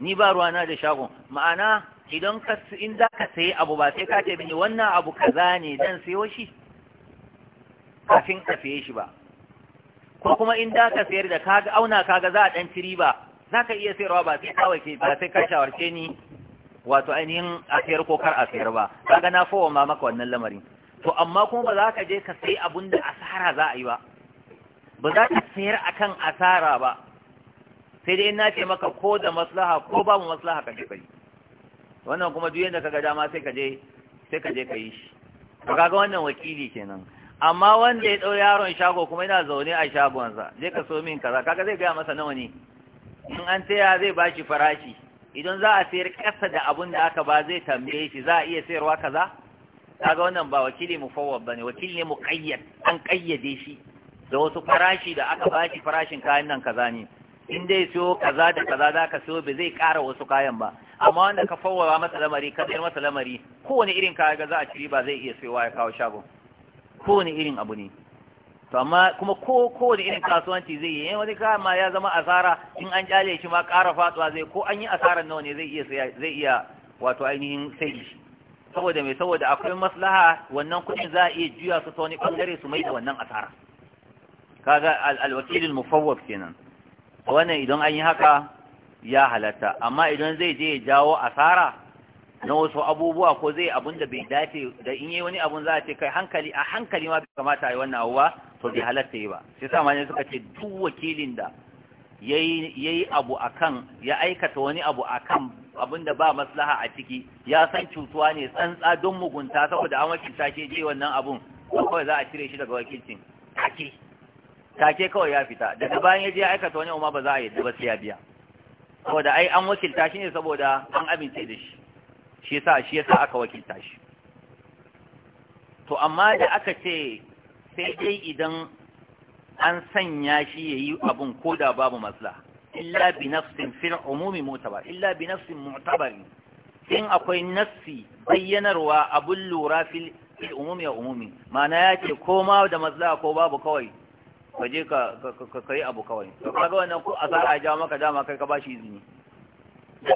ni ba ruwa na da shagon ma'ana idan ka in za ka sayi abu ba sai ka ce wannan abu kaza ne dan sayo shi kafin ka saye shi ba ko kuma in da ka sayar da kaga auna kaga za a dan ci riba za ka iya sayarwa ba sai kawai ke ba sai ka shawarce ni wato ainihin a sayar ko kar a sayar ba kaga na fowa ma maka wannan lamarin to amma kuma ba za ka je ka sayi abun da asara za a yi ba ba za ka sayar akan asara ba sai dai na ce maka ko da maslaha ko babu maslaha ka ce wannan kuma duk yadda kaga dama sai ka je sai ka ka yi shi to kaga wannan wakili kenan amma wanda ya dau yaron shago kuma yana zaune a shagonsa je ka so min kaza kaga zai gaya masa nawa ne in an taya zai bashi farashi idan za a sayar ƙasa da abun da aka ba zai tambaye shi za a iya sayarwa kaza kaga wannan ba wakili mufawwad bane wakili ne muqayyad an kayyade shi da wasu farashi da aka bashi farashin kayan nan kaza ne in dai siyo kaza da kaza za ka siyo ba zai ƙara wasu kayan ba amma wanda ka fawwara masa lamari ka sayar masa lamari kowane irin kaya ga za a ciri ba zai iya siyowa ya kawo shago kowane irin abu ne to amma kuma ko kowane irin kasuwanci zai yi wani kayan ma ya zama asara in an kyale shi ma ƙara fatuwa zai ko an yi asarar nawa ne zai iya zai iya wato ainihin sai shi saboda mai saboda akwai maslaha wannan kuɗin za a iya juya su ta wani ɓangare su mai da wannan asara kaga al-wakilul mufawwaf kenan wannan idan an yi haka ya halatta amma idan zai je ya jawo asara na wasu abubuwa ko zai abun da bai dace da in yi wani abun za a ce kai hankali a hankali ma bai kamata a yi wannan abuwa to bai halatta yi ba sai sa ma ne suka ce duk wakilin da ya yi abu akan ya aikata wani abu akan abin da ba maslaha a ciki ya san cutuwa ne tsantsa don mugunta saboda an sake je wannan abun kawai za a cire shi daga wakilcin ake take kawai ya fita daga bayan ya je aikata wani umar ba za a yi ba sai ya biya saboda ai an wakilta shi ne saboda an amince da shi shi yasa shi yasa aka wakilta shi to amma da aka ce sai dai idan an sanya shi yayi abun koda babu matsala, illa bi nafsin fil umumi mu'tabar illa bi nafsin mu'tabar in akwai nafsi bayyanarwa abun lura fil umumi ya umumi ma'ana ya ce ko ma da maslaha ko babu kawai ka je ka yi abu kawai to kaga wannan ko asara ya jawo maka dama kai ka bashi izini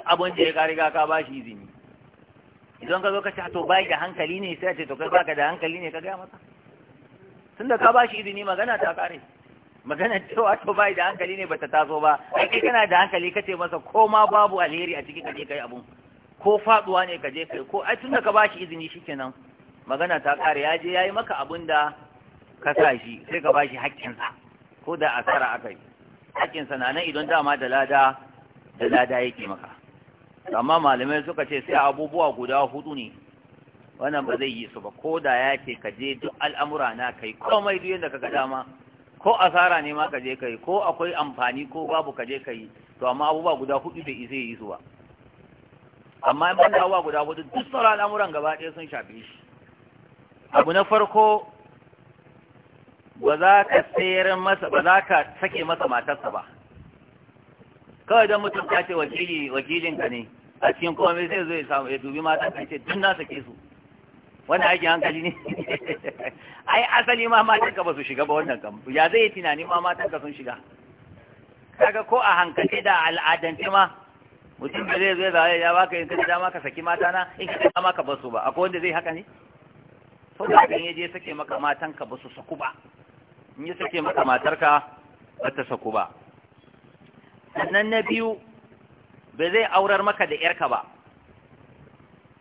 Abun abin da ya ka riga ka bashi izini idan ka zo ka ce to bai da hankali ne sai ce to kai baka da hankali ne ka gaya masa tunda ka bashi izini magana ta kare magana cewa to bai da hankali ne bata taso ba ai kai kana da hankali ka ce masa ko ma babu alheri a cikin je kai abun ko faduwa ne ka je kai ko ai tunda ka bashi izini shikenan magana ta kare ya je yayi maka abun da ka sa shi sai ka bashi haƙƙinsa ko da asara aka yi haƙƙinsa na nan idan dama da lada da lada yake maka amma malamai suka ce sai abubuwa guda hudu ne wannan ba zai yi su ba ko da ya ce ka je duk al'amura na kai komai duk yadda ka ga dama ko asara ne ma ka je kai ko akwai amfani ko babu ka je kai to amma abubuwa guda hudu da isa yi su ba amma in da abubuwa guda hudu duk sauran al'amuran gaba ɗaya sun shafe shi abu na farko ba za ka sayar masa ba za ka sake masa matarsa ba kawai don mutum ta ce wakili wakilin ka ne a cikin komai zai zo ya samu ya dubi matan ka ce tun na sake su wannan aikin hankali ne ai asali ma matan ka ba su shiga ba wannan kam ya zai tunani ma matan ka sun shiga kaga ko a hankali da al'adance ma mutum da zai zo ya ya baka yin ka dama ka saki mata na in ka dama ka ba su ba akwai wanda zai haka ne ko da kan je sake maka matan ka su saku ba in ya sake maka matarka ba ta saku ba sannan na biyu ba zai aurar maka da yarka ba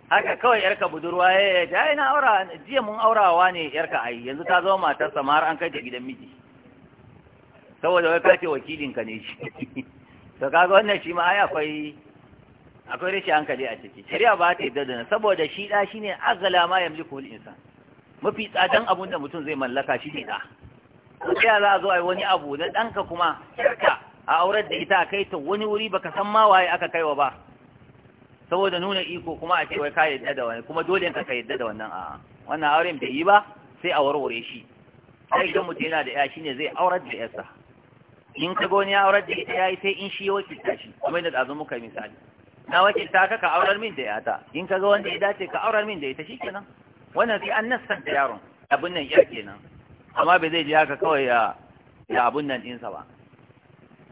haka kawai yarka budurwa eh, ya yi ya yi na aura jiya mun aurawa ne yarka a yi yanzu ta zama matarsa ma har an kai ta gidan miji saboda wai kace wakilinka ne shi to kaga wannan shi ma ai akwai akwai rashin hankali a ciki shari'a ba ta yadda da saboda shi da shine azala ma yamliku al insan mafi tsadan abun da mutum zai mallaka shi ne da ya za a zo a yi wani abu na ɗanka kuma yarka a aurar da ita kai ta wani wuri baka san ma waye aka kaiwa ba saboda nuna iko kuma a ce wai ka yadda da wani kuma dole ka ka yadda da wannan a'a wannan auren bai yi ba sai a warware shi sai idan mutum yana da ya shine zai aurar da yarsa in ka goni ya aurar da ita yayi sai in shi ya wakilta shi kuma yadda azu muka misali na wakilta ka ka aurar min da yata in ka ga wanda ya dace ka aurar min da ita shikenan wannan sai an da yaron abin nan yake kenan amma bai zai je haka kawai ya ya abun nan ɗinsa ba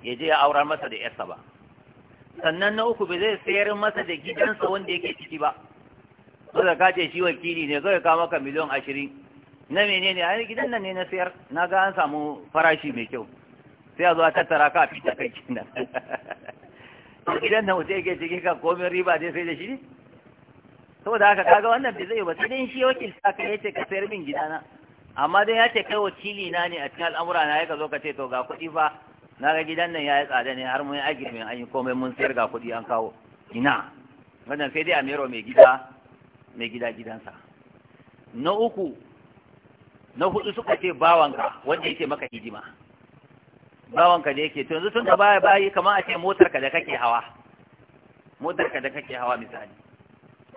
ya je ya aurar masa da yarsa ba sannan na uku bai zai sayar masa da gidansa wanda yake ciki ba ko da kace shi wakili ne kawai ka maka miliyan ashirin na menene ai gidan nan ne na sayar na ga an samu farashi mai kyau sai a zo a tattara ka a fita kai to gidan nan wuce yake ciki ka komai riba dai sai da shi ne saboda haka kaga wannan bai zai ba sai dai shi wakil ta kai yace ka sayar min gidana amma dai ya ce kai wakili na ne a cikin al'amura na ya zo ka ce to ga kuɗi fa na ga gidan nan ya yi tsada ne har mun yi aiki mai yi komai mun sayar ga kuɗi an kawo ina wannan sai dai a mero mai gida mai gida gidansa na uku na hudu suka ce bawanka wanda yake maka hidima bawanka da yake to yanzu tun da baya bayi kamar a ce motarka da kake hawa motarka da kake hawa misali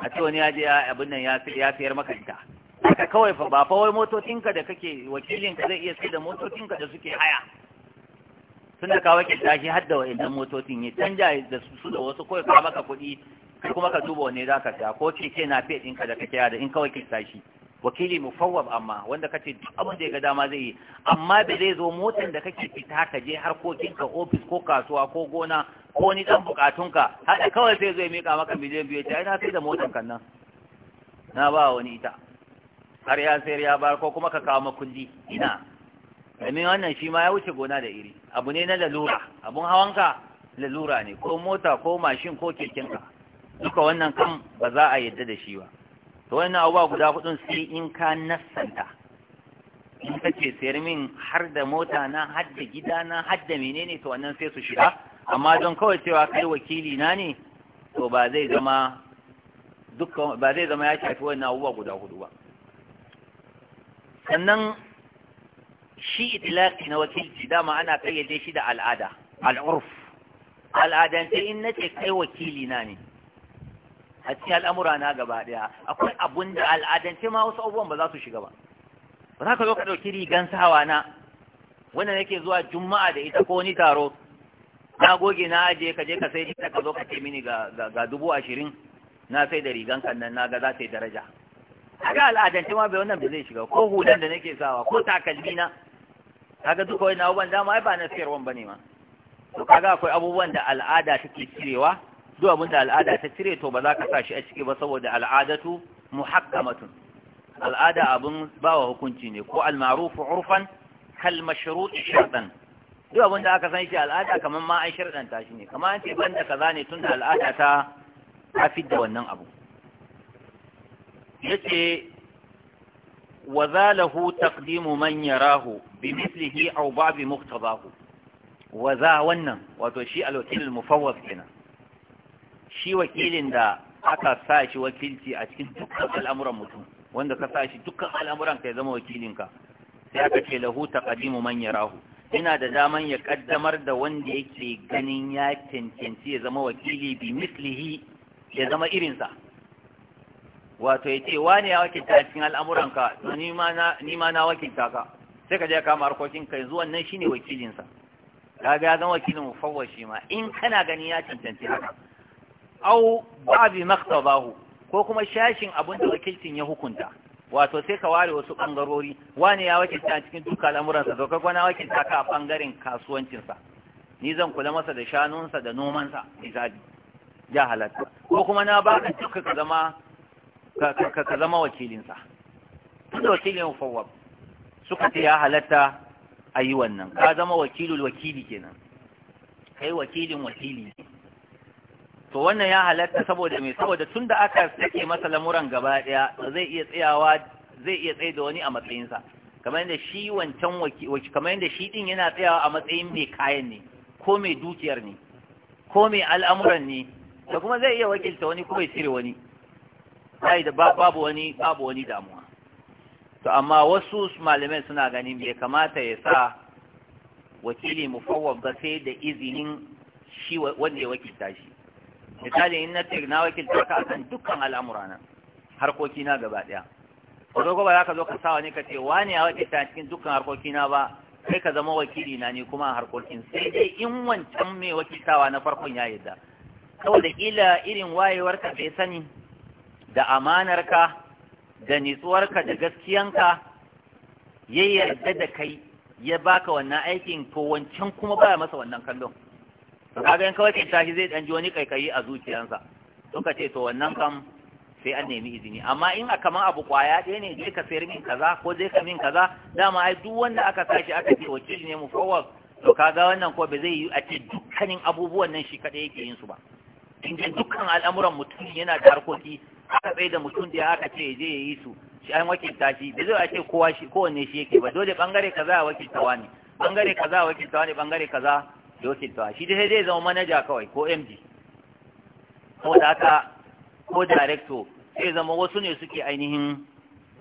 a ce wani ya je abin nan ya sayar maka ita haka kawai fa ba fa wai motocinka da kake wakilinka zai iya sai da motocinka da suke haya tun da ka wakil tashi har da wa'annan motocin ya canja da su da wasu kawai ka maka kuɗi kuma ka duba wanne za ka sa ko ke na fiye ɗinka da kake da in ka wakil tashi wakili mufawwab amma wanda kace duk abin da ya ga dama zai yi amma da zai zo motan da kake fita ka je harkokinka ofis ko kasuwa ko gona ko ni dan bukatunka haka kawai sai zai mika maka miliyan biyu ta ina sai da motan kan nan na ba wani ita har ya sayar ya bar ko kuma ka kawo makulli ina domin wannan shi ma ya wuce gona da iri abu ne na lalura abun hawanka lalura ne ko mota ko mashin ko ka duka wannan kan ba za a yadda da shi ba to wannan abuwa guda hudun sai in ka nassanta in ka ce sayar min har da mota na har da gida na har da menene to wannan sai su shiga amma don kawai cewa kai wakili na ne to ba zai zama dukkan ba zai zama ya shafi wannan ba guda hudu ba sannan shi itilaki na wakilci dama ana kayyade shi da al'ada al'urf al'adance in na ce kai wakili na ne a cikin al'amura na gaba daya akwai abun da al'adance ma wasu abubuwan ba za su shiga ba ba za ka zo ka ɗauki rigan sawa na wanda nake zuwa juma'a da ita ko wani taro na goge na aje ka je ka sai ka zo ka ce mini ga dubu ashirin na sai da rigan kan na ga za ta yi daraja kaga ga al'adance ma bai wannan da zai shiga ko hulan da nake sawa ko takalmi na kaga duka wani abubuwan dama ai ba na siyarwan bane ma to kaga akwai abubuwan da al'ada take cirewa duk abin da al'ada ta cire to ba za ka sa shi a ciki ba saboda al'adatu muhakkamatun al'ada abin bawa hukunci ne ko al-ma'ruf urfan kal mashru'i shartan duk abin da aka san shi al'ada kaman ma an sharɗanta shi ne kamar an ce banda kaza ne tun al'ada ta ta fidda wannan abu ce wa lahu taqdimu man yarahu bi mithlihi aw ba'd muqtadahu wa za wannan wato shi alwakilin wakil al kenan shi wakilin da aka sa shi wakilci a cikin dukkan al'amuran mutum wanda ka sa shi dukkan al'amuran ka ya zama wakilinka sai aka ce lahu taqdimu man yarahu yana da daman ya kaddamar da wanda yake ganin ya cancanci ya zama wakili bi mislihi ya zama irinsa wato ya ce wani ya wakilta cikin al'amuranka to ni ma na wakilta ka sai ka je kama harkokin ka yanzu shi ne wakilinsa ta ga ya zama wakilin mufawwar shi ma in kana gani ya cancanci haka au babi bahu. ko kuma shashin abin da wakilcin ya hukunta wato sai ka ware wasu bangarori wani ya wakilta cikin duka al'amuransa to kaga wakilta ka a bangaren kasuwancinsa ni zan kula masa da shanunsa da nomansa misali ya halatta ko kuma na ba ka zama ka zama wakilinsa tunda wakilin mufawwab suka ce ya halatta a yi wannan ka zama wakilul wakili kenan kai wakilin wakili to wannan ya halatta saboda mai saboda tun da aka sake masa lamuran gaba daya zai iya tsayawa zai iya tsaye da wani a matsayinsa kamar yadda shi wancan waki kamar yadda shi din yana tsayawa a matsayin mai kayan ne ko mai dukiyar ne ko mai al'amuran ne da kuma zai iya wakilta wani ko ya cire wani bai da babu wani babu wani damuwa to amma wasu malamai suna ganin bai kamata ya sa wakili mufawwaf ba sai da izinin shi wanda ya wakilta shi misali in na ce na wakilta ka akan dukkan al'amurana harkoki na gaba daya ko ko ba za ka zo ka sa wani ka ce wani ya wakilta cikin dukkan harkoki na ba kai ka zama wakili na ne kuma harkokin sai dai in wancan mai wakiltawa na farkon ya yadda saboda kila irin wayewar ka bai sani da amanar ka, da nitsuwarka da gaskiyanka ya yarda da kai ya baka wannan aikin to wancan kuma baya masa wannan kallon to kaga in kawai tashi zai dan ji wani kaikayi a zuciyarsa to ka ce to wannan kam sai an nemi izini amma in a kaman abu kwaya ɗaya ne je ka sayar min kaza ko je ka min kaza dama ai duk wanda aka sashi aka ce wakil ne mu forward to kaga wannan ko ba zai yi a ce dukkanin abubuwan nan shi kaɗai yake yin su ba in dukkan al'amuran mutum yana da harkoki aka tsaye da mutum da ya aka ce je ya yi su shi an wakilta shi da zai ce kowa shi kowanne shi yake ba dole bangare kaza a wakilta wani bangare kaza a wakilta wani bangare kaza ya wakilta shi dai zai zama manaja kawai ko md ko da aka ko director sai zama wasu ne suke ainihin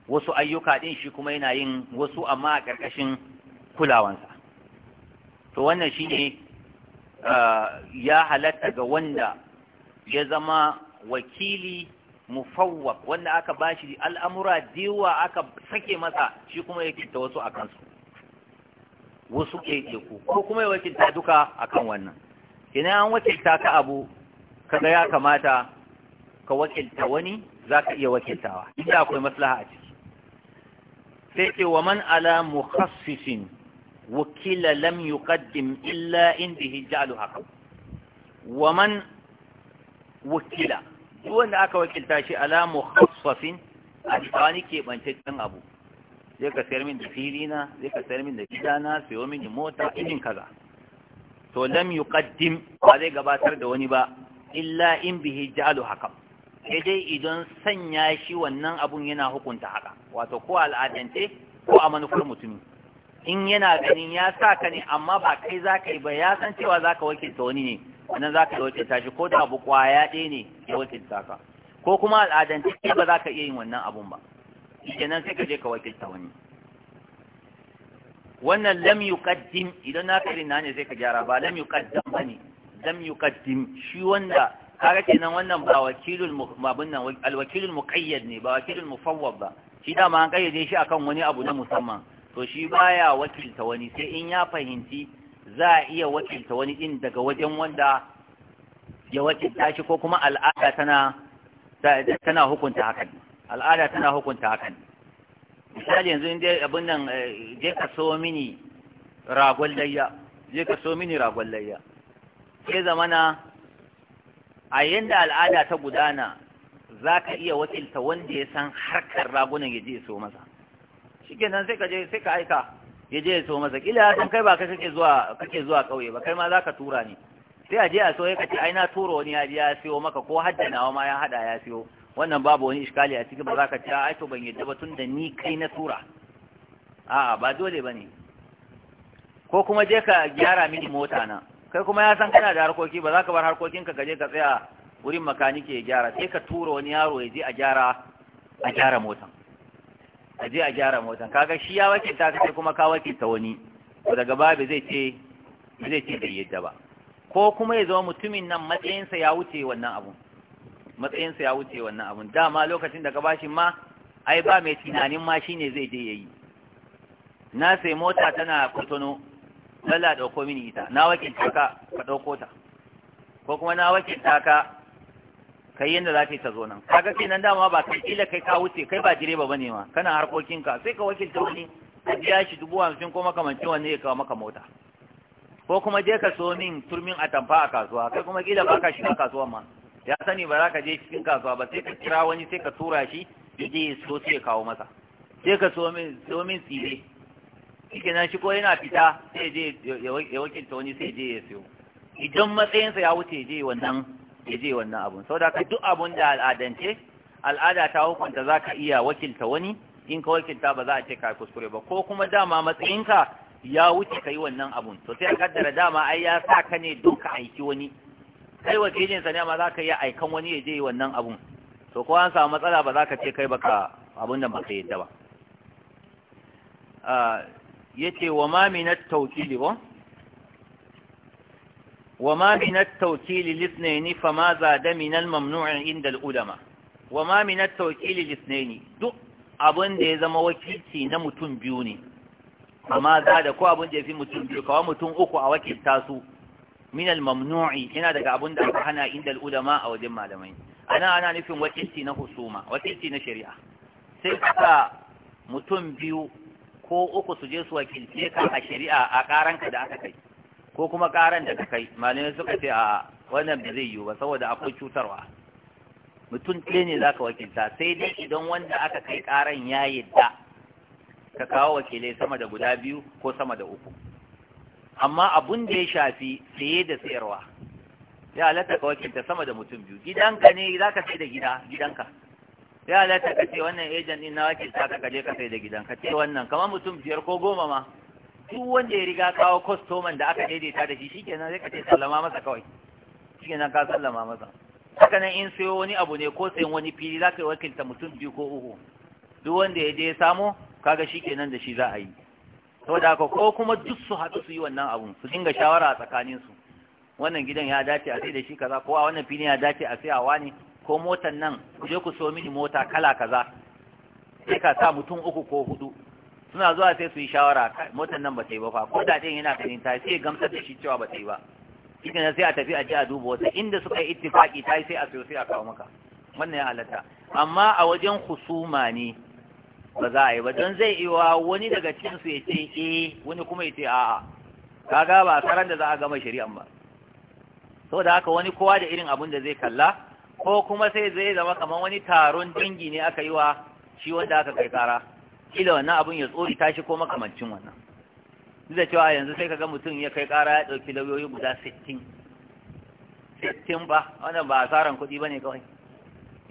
wasu ayyuka din shi kuma yana yin wasu amma a ƙarƙashin kulawansa to wannan shi ne ah, ya halatta ga wanda ya zama wakili mufawwaq wanda aka bashi al'amura diwa aka sake masa shi kuma ya kinta wasu a kansu. wasu kekeku ko kuma ya wakilta duka akan wannan kina an wakilta ka abu kaga ya kamata ka wakilta wani zaka iya wakiltawa inda akwai maslaha a ciki sai ce wa man ala mukhassisin wakila lam yuqaddim illa inda ja'alu haqq wa man wakila duk wanda aka wakilta shi ala mukhaffafin a ke keɓantaccen abu zai ka sayar min da filina zai ka sayar min da gidana sayo mini mota irin kaza to lam yuqaddim ba zai gabatar da wani ba illa in bihi ja'alu hakam sai dai idan sanya shi wannan abun yana hukunta haka wato ko al'adance ko a manufar mutumi in yana ganin ya sa ka ne amma ba kai za ka yi ba ya san cewa za ka wakilta wani ne wannan za ka yawancin tashi ko da abu kwaya ɗaya ne ya yawancin ka ko kuma al'adance ba za ka iya yin wannan abun ba nan sai ka je ka wakilta wani wannan lam kaddim idan na kare na ne sai ka gyara ba lam ba ne, lam kaddim shi wanda ke nan wannan ba wakilul mabun nan alwakilul muqayyad ne ba wakilul mufawwad ba shi dama an kayyade shi akan wani abu na musamman to shi baya wakilta wani sai in ya fahimci za a iya wakilta wani din daga wajen wanda ya wakilta shi ko kuma al'ada tana tana hukunta hakan al'ada tana hukunta hakan misali yanzu inda abin nan eh, je ka so mini ragon layya je ka so mini ragon layya sai zamana a yanda al'ada ta gudana za ka iya wakilta wanda ya san harkar ragunan ya je so masa shi kenan sai ka je sai ka aika ya je ya so masa kila sun kai ba kake zuwa kauye ba kai ma zaka tura ni sai a je a so ya kace ai na turo wani ya ya siyo maka ko haddanawa ma ya hada ya siyo wannan babu wani iskali a cikin ba zaka ci ai to ban yadda ba tunda ni kai na tura a'a ba dole bane ko kuma je ka gyara mini mota na kai kuma ya san kana da harkoki ba za ka bar harkokin ka gaje ka tsaya wurin makaniki ya gyara sai ka tura wani yaro ya je a gyara a gyara motan a je a gyara motan kaga shi ya wakilta ka kuma ka wakilta wani to daga babu zai ce zai ce bai yadda ba ko kuma ya zama mutumin nan matsayinsa ya wuce wannan abun matsayinsa ya wuce wannan abun dama lokacin da ka bashi ma ai ba mai tunanin ma shine zai je yayi na sai mota tana kotono lalla dauko mini ita na wakilta ka ka dauko ta ko kuma na wakilta ka kai yanda za ka yi ta zo nan kaga kenan dama ba kai kila kai ka wuce kai ba direba bane ma kana harkokinka sai ka wakilta wani ka biya shi dubu hamsin ko makamancin wanne ya kawo maka mota ko kuma je ka so min turmin atamfa a kasuwa kai kuma kila ba ka shiga kasuwa ma ya sani ba za ka je cikin kasuwa ba sai ka kira wani sai ka tura shi ya je so sai ya kawo masa sai ka so min so min tsire kenan shi ko yana fita sai je ya wakilta wani sai je ya siyo idan matsayinsa ya wuce je wannan ya je wannan abun sau da ka duk abun da al'adance al'ada ta hukunta za ka iya wakilta wani in ka wakilta ba za a ce ka kuskure ba ko kuma dama matsayinka ya wuce ka yi wannan abun to sai a kaddara dama ai ya sa ka ne don ka aiki wani kai wakilinsa ne ma za ka iya aikan wani ya je wannan abun to ko an samu matsala ba za ka ce kai baka abun da yadda ba ah, yace wa ma min at ba وما من التوكيل الاثنين فما زاد من الممنوع عند العلماء وما من التوكيل الاثنين duk abin da ya zama wakilci na mutum biyu ne amma za da ko abin da ya fi mutum biyu kawai mutum uku a wakilta su min al yana daga abin da aka hana inda al a wajen malamai ana nufin wakilci na husuma wakilci na shari'a sai ka mutum biyu ko uku su je su wakilce ka a shari'a a karanka da aka kai ko kuma ƙaran da ta kai malamai suka ce a wannan ba zai yiwu ba saboda akwai cutarwa mutum ɗaya ne za ka wakilta sai dai idan wanda aka kai ƙaran ya yadda ka kawo wakilai sama da guda biyu ko sama da uku amma abun da ya shafi saye da sayarwa ya halatta ka wakilta sama da mutum biyu gidanka ne za ka sai da gida gidanka ya halatta ka ce wannan ejan ɗin na wakilta ka kaje ka sai da gidanka ce wannan kamar mutum biyar ko goma ma duk wanda ya riga kawo kwastoman da aka daidaita da shi shi kenan zai kace sallama masa kawai kenan ka sallama masa haka nan in sayo wani abu ne ko sayan wani fili za ka yi wakilta mutum biyu ko uku duk wanda ya je ya samo kaga kenan da shi za a yi saboda haka ko kuma duk su haɗu su yi wannan abu su dinga shawara a su wannan gidan ya dace a sai da shi kaza ko a wannan fili ya dace a sai a wani ko motan nan ku je ku so mini mota kala kaza sai ka sa mutum uku ko hudu suna zuwa sai su yi shawara kai motar nan ba ta yi ba fa ko da ɗin yana ganin ta sai gamsar da shi cewa ba ta yi ba shi ne sai a tafi a ji a duba wata inda suka yi ittifaki ta yi sai a sayo sai a kawo maka wannan ya halatta amma a wajen husuma ne ba za a yi ba don zai iya wani daga cikin su ya ce eh wani kuma ya ce a'a kaga ba karan da za a gama shari'an ba saboda haka wani kowa da irin abin da zai kalla ko kuma sai zai zama kamar wani taron dangi ne aka yi wa shi wanda aka kai kara kila wannan abun ya tsori tashi ko makamancin wannan duk da cewa yanzu sai kaga mutum ya kai kara ya dauki lauyoyi guda 60 60 ba wannan ba asaran kuɗi bane kawai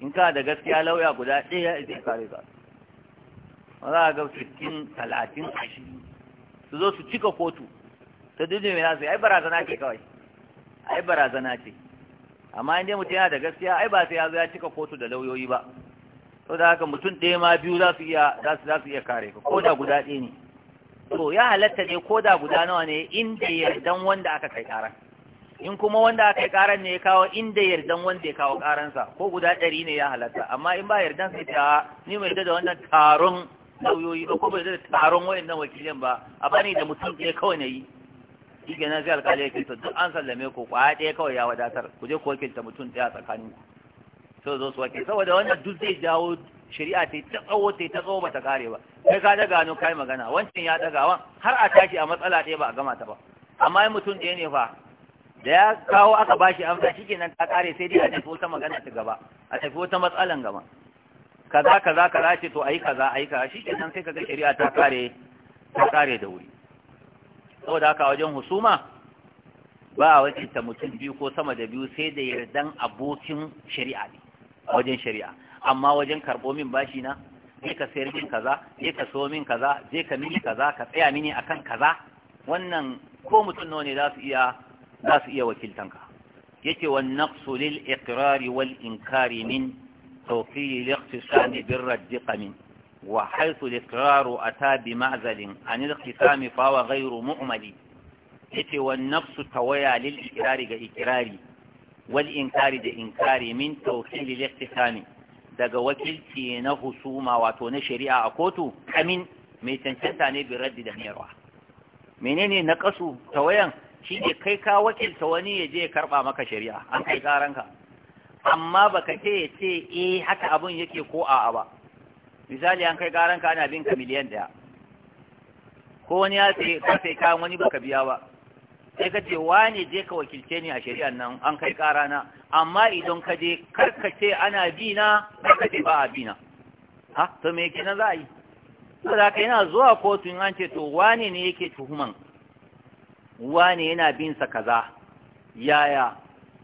in ka da gaskiya lauya guda ɗaya zai kare ka ba za ga 60 30 ashirin su zo su cika kotu ta duk mai nasu ai barazana ce kawai ai barazana ce amma in dai mutum yana da gaskiya ai ba sai ya zo ya cika kotu da lauyoyi ba to da haka mutum ɗaya ma biyu za su iya za su iya kare ka ko da guda ɗaya ne to ya halatta ne ko da guda nawa ne inda yardan wanda aka kai karan in kuma wanda aka kai karan ne ya kawo inda yardan wanda ya kawo sa ko guda ɗari ne ya halatta amma in ba yardan sai ta ni mai da wannan taron lauyoyi ko bai da taron wayannan wakilin ba a bani da mutum ɗaya kawai na yi shi kenan sai alƙali ya kinta duk an sallame ko kwaya ɗaya kawai ya wadatar ku je ku wakilta mutum ɗaya tsakaninku. sau zo su wake saboda wannan duk zai jawo shari'a ta ta tsawo ta ta tsawo bata kare ba kai ka daga no kai magana wancan ya daga wan har a tashi a matsala ɗaya ba a gama ta ba amma in mutum ɗaya ne fa da ya kawo aka bashi amsa nan ta kare sai dai a tafi wata magana ta gaba a tafi wata matsalan gaba kaza kaza kaza ce to ayi kaza ayi kaza nan sai kaga shari'a ta kare ta kare da wuri saboda haka wajen husuma ba a wajen ta mutum biyu ko sama da biyu sai da yardan abokin shari'a ne wajen shari'a amma wajen karɓo min bashi na zai ka sayar min kaza zai ka so min kaza zai ka mini kaza ka tsaya mini akan kaza wannan ko mutum nawa ne za su iya za su iya wakiltan ka yake wa lil iqrari wal inkari min tawqi li iqtisami bir radd qamin wa haythu al iqraru ata bi ma'zalin an al iqtisami fa wa ghayru mu'mali yake wa naqsu waya lil iqrari ga iqrari wal inkari da inkari min tawkili liqtisami daga wakilci na husuma wato na shari'a a kotu kamin mai cancanta ne bi da mayarwa menene na kasu tawayan shi ne kai ka wakilta wani ya je ya maka shari'a an kai karanka amma baka ce ya ce eh haka abun yake ko a'a ba misali an kai karanka ana bin ka miliyan daya ko wani ya ce ka kayan wani baka biya ba sai ka ce wane je ka wakilce ni a shari'ar nan an kai kara na amma idan ka je karkace ana bi na ce ba a bi na ha to me yake na za a yi to da ka yana zuwa kotu in an ce to wane ne yake tuhuman ne yana bin sa kaza yaya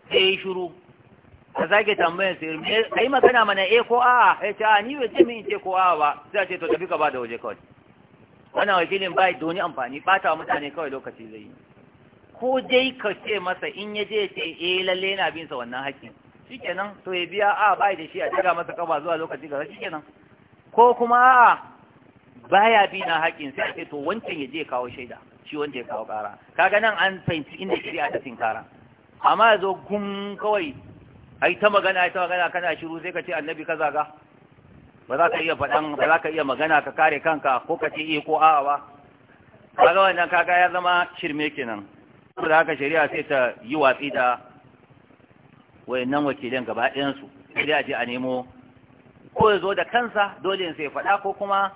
sai ya shiru ka zage tambayar sai kai magana mana eh ko a'a sai a ni bai ce min ce ko a'a ba sai a ce to tafi ka ba da waje kawai wannan wakilin bai doni wani amfani bata wa mutane kawai lokaci zai yi ko dai ka ce masa in ya je ce eh lalle yana bin wannan haƙƙin shikenan to ya biya a bai da shi a tiga masa kaba zuwa lokaci gaba shikenan ko kuma a baya bi na haƙƙin sai a ce to wancan ya je kawo shaida shi wanda ya kawo ƙara kaga nan an fahimci inda a ta ƙara, amma zo gum kawai ai ta magana ai ta magana kana shiru sai ka ce annabi kaza ga, ba za ka iya faɗan ba za ka iya magana ka kare kanka ko ka ce eh ko a'a ba kaga wannan kaga ya zama shirme kenan saboda haka shari'a sai ta yi watsi da wayannan wakilin gaba ɗayansu sai a je a nemo ko ya zo da kansa dole ne sai faɗa ko kuma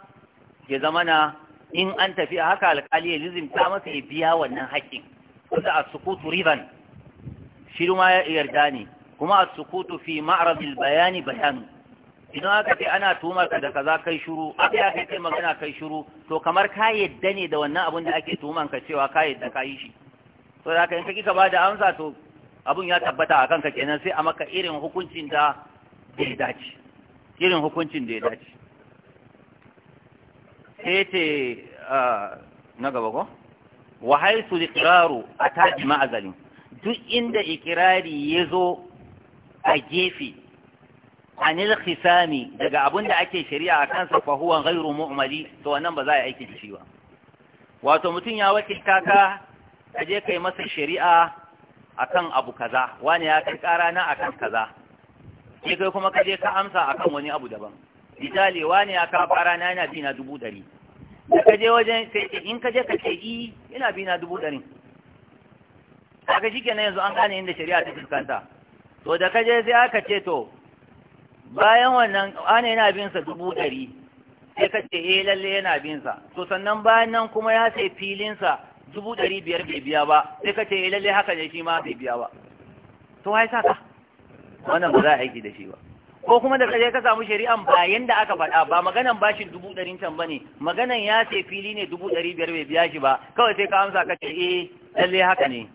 ya zama na in an tafi a haka alƙali ya lizimta masa ya biya wannan haƙƙin kusa a sukutu riban shi ma ya yarda ne kuma a sukutu fi ma'arabil bayani bayanu idan aka ce ana tumar ka da kaza kai shuru aka ya kai magana kai shuru to kamar ka yadda ne da wannan abin da ake tuman ka cewa ka yadda ka yi shi so da in kika ba da amsa to abun ya tabbata a kanka kenan sai a maka irin hukuncin da ya dace irin hukuncin da ya dace sai ce na gaba ko wa haisu iqraru ataji ma'azalin duk inda ikirari ya zo a gefe anil khisami daga abin da ake shari'a a kansa fa huwa ghairu mu'mali to wannan ba za a aiki da shi ba wato mutum ya wakilta ka ka je kai masa shari'a akan abu kaza wani ya kai kara na akan kaza sai kai kuma ka je ka amsa akan wani abu daban misali wani ya kawo kara na yana bina na dubu dari. da ka je wajen sai in ka je ka ce i yana bi na dubu ɗari kaga na yanzu an gane inda shari'a ta fuskanta to da ka je sai aka ce to bayan wannan wani yana bin sa dubu dari, sai ka ce eh lalle yana bin sa to sannan bayan nan kuma ya sai filin sa dubu ɗari biyar bai biya ba sai ka ce ya eh, lalle haka ne shi ma bai biya ba to wai ka? wannan ba za a aiki da shi ba ko kuma da kaje ka samu shari'an ba yanda aka faɗa ba maganan bashin dubu ɗarin can ne. maganan ya ce fili ne dubu ɗari biyar bai biya shi ba kawai sai ka amsa ka ce eh lalle haka ne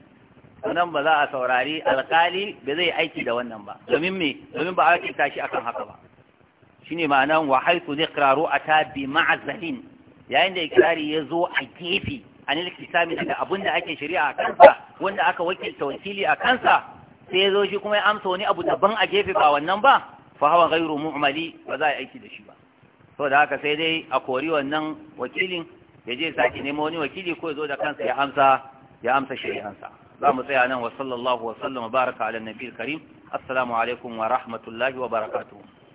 Wannan ba za a saurari alƙali. ba zai aiki da wannan ba domin me domin ba a kinta shi akan haka ba shine ma'anan wa haitu a ta bi ma'azalin yayin da kirari ya zo a gefe an ilkisami daga abin da ake shari'a a kansa wanda aka wakilta wakili a kansa sai ya zo shi kuma ya amsa wani abu daban a gefe ba wannan ba fa hawa ghairu mu'mali ba za a aiki da shi ba da haka sai dai a kori wannan wakilin ya je sake nemo wani wakili ko ya zo da kansa ya amsa ya amsa shari'ansa za mu tsaya nan wa sallallahu wa sallama baraka ala nabiyil karim assalamu alaikum wa rahmatullahi wa barakatuh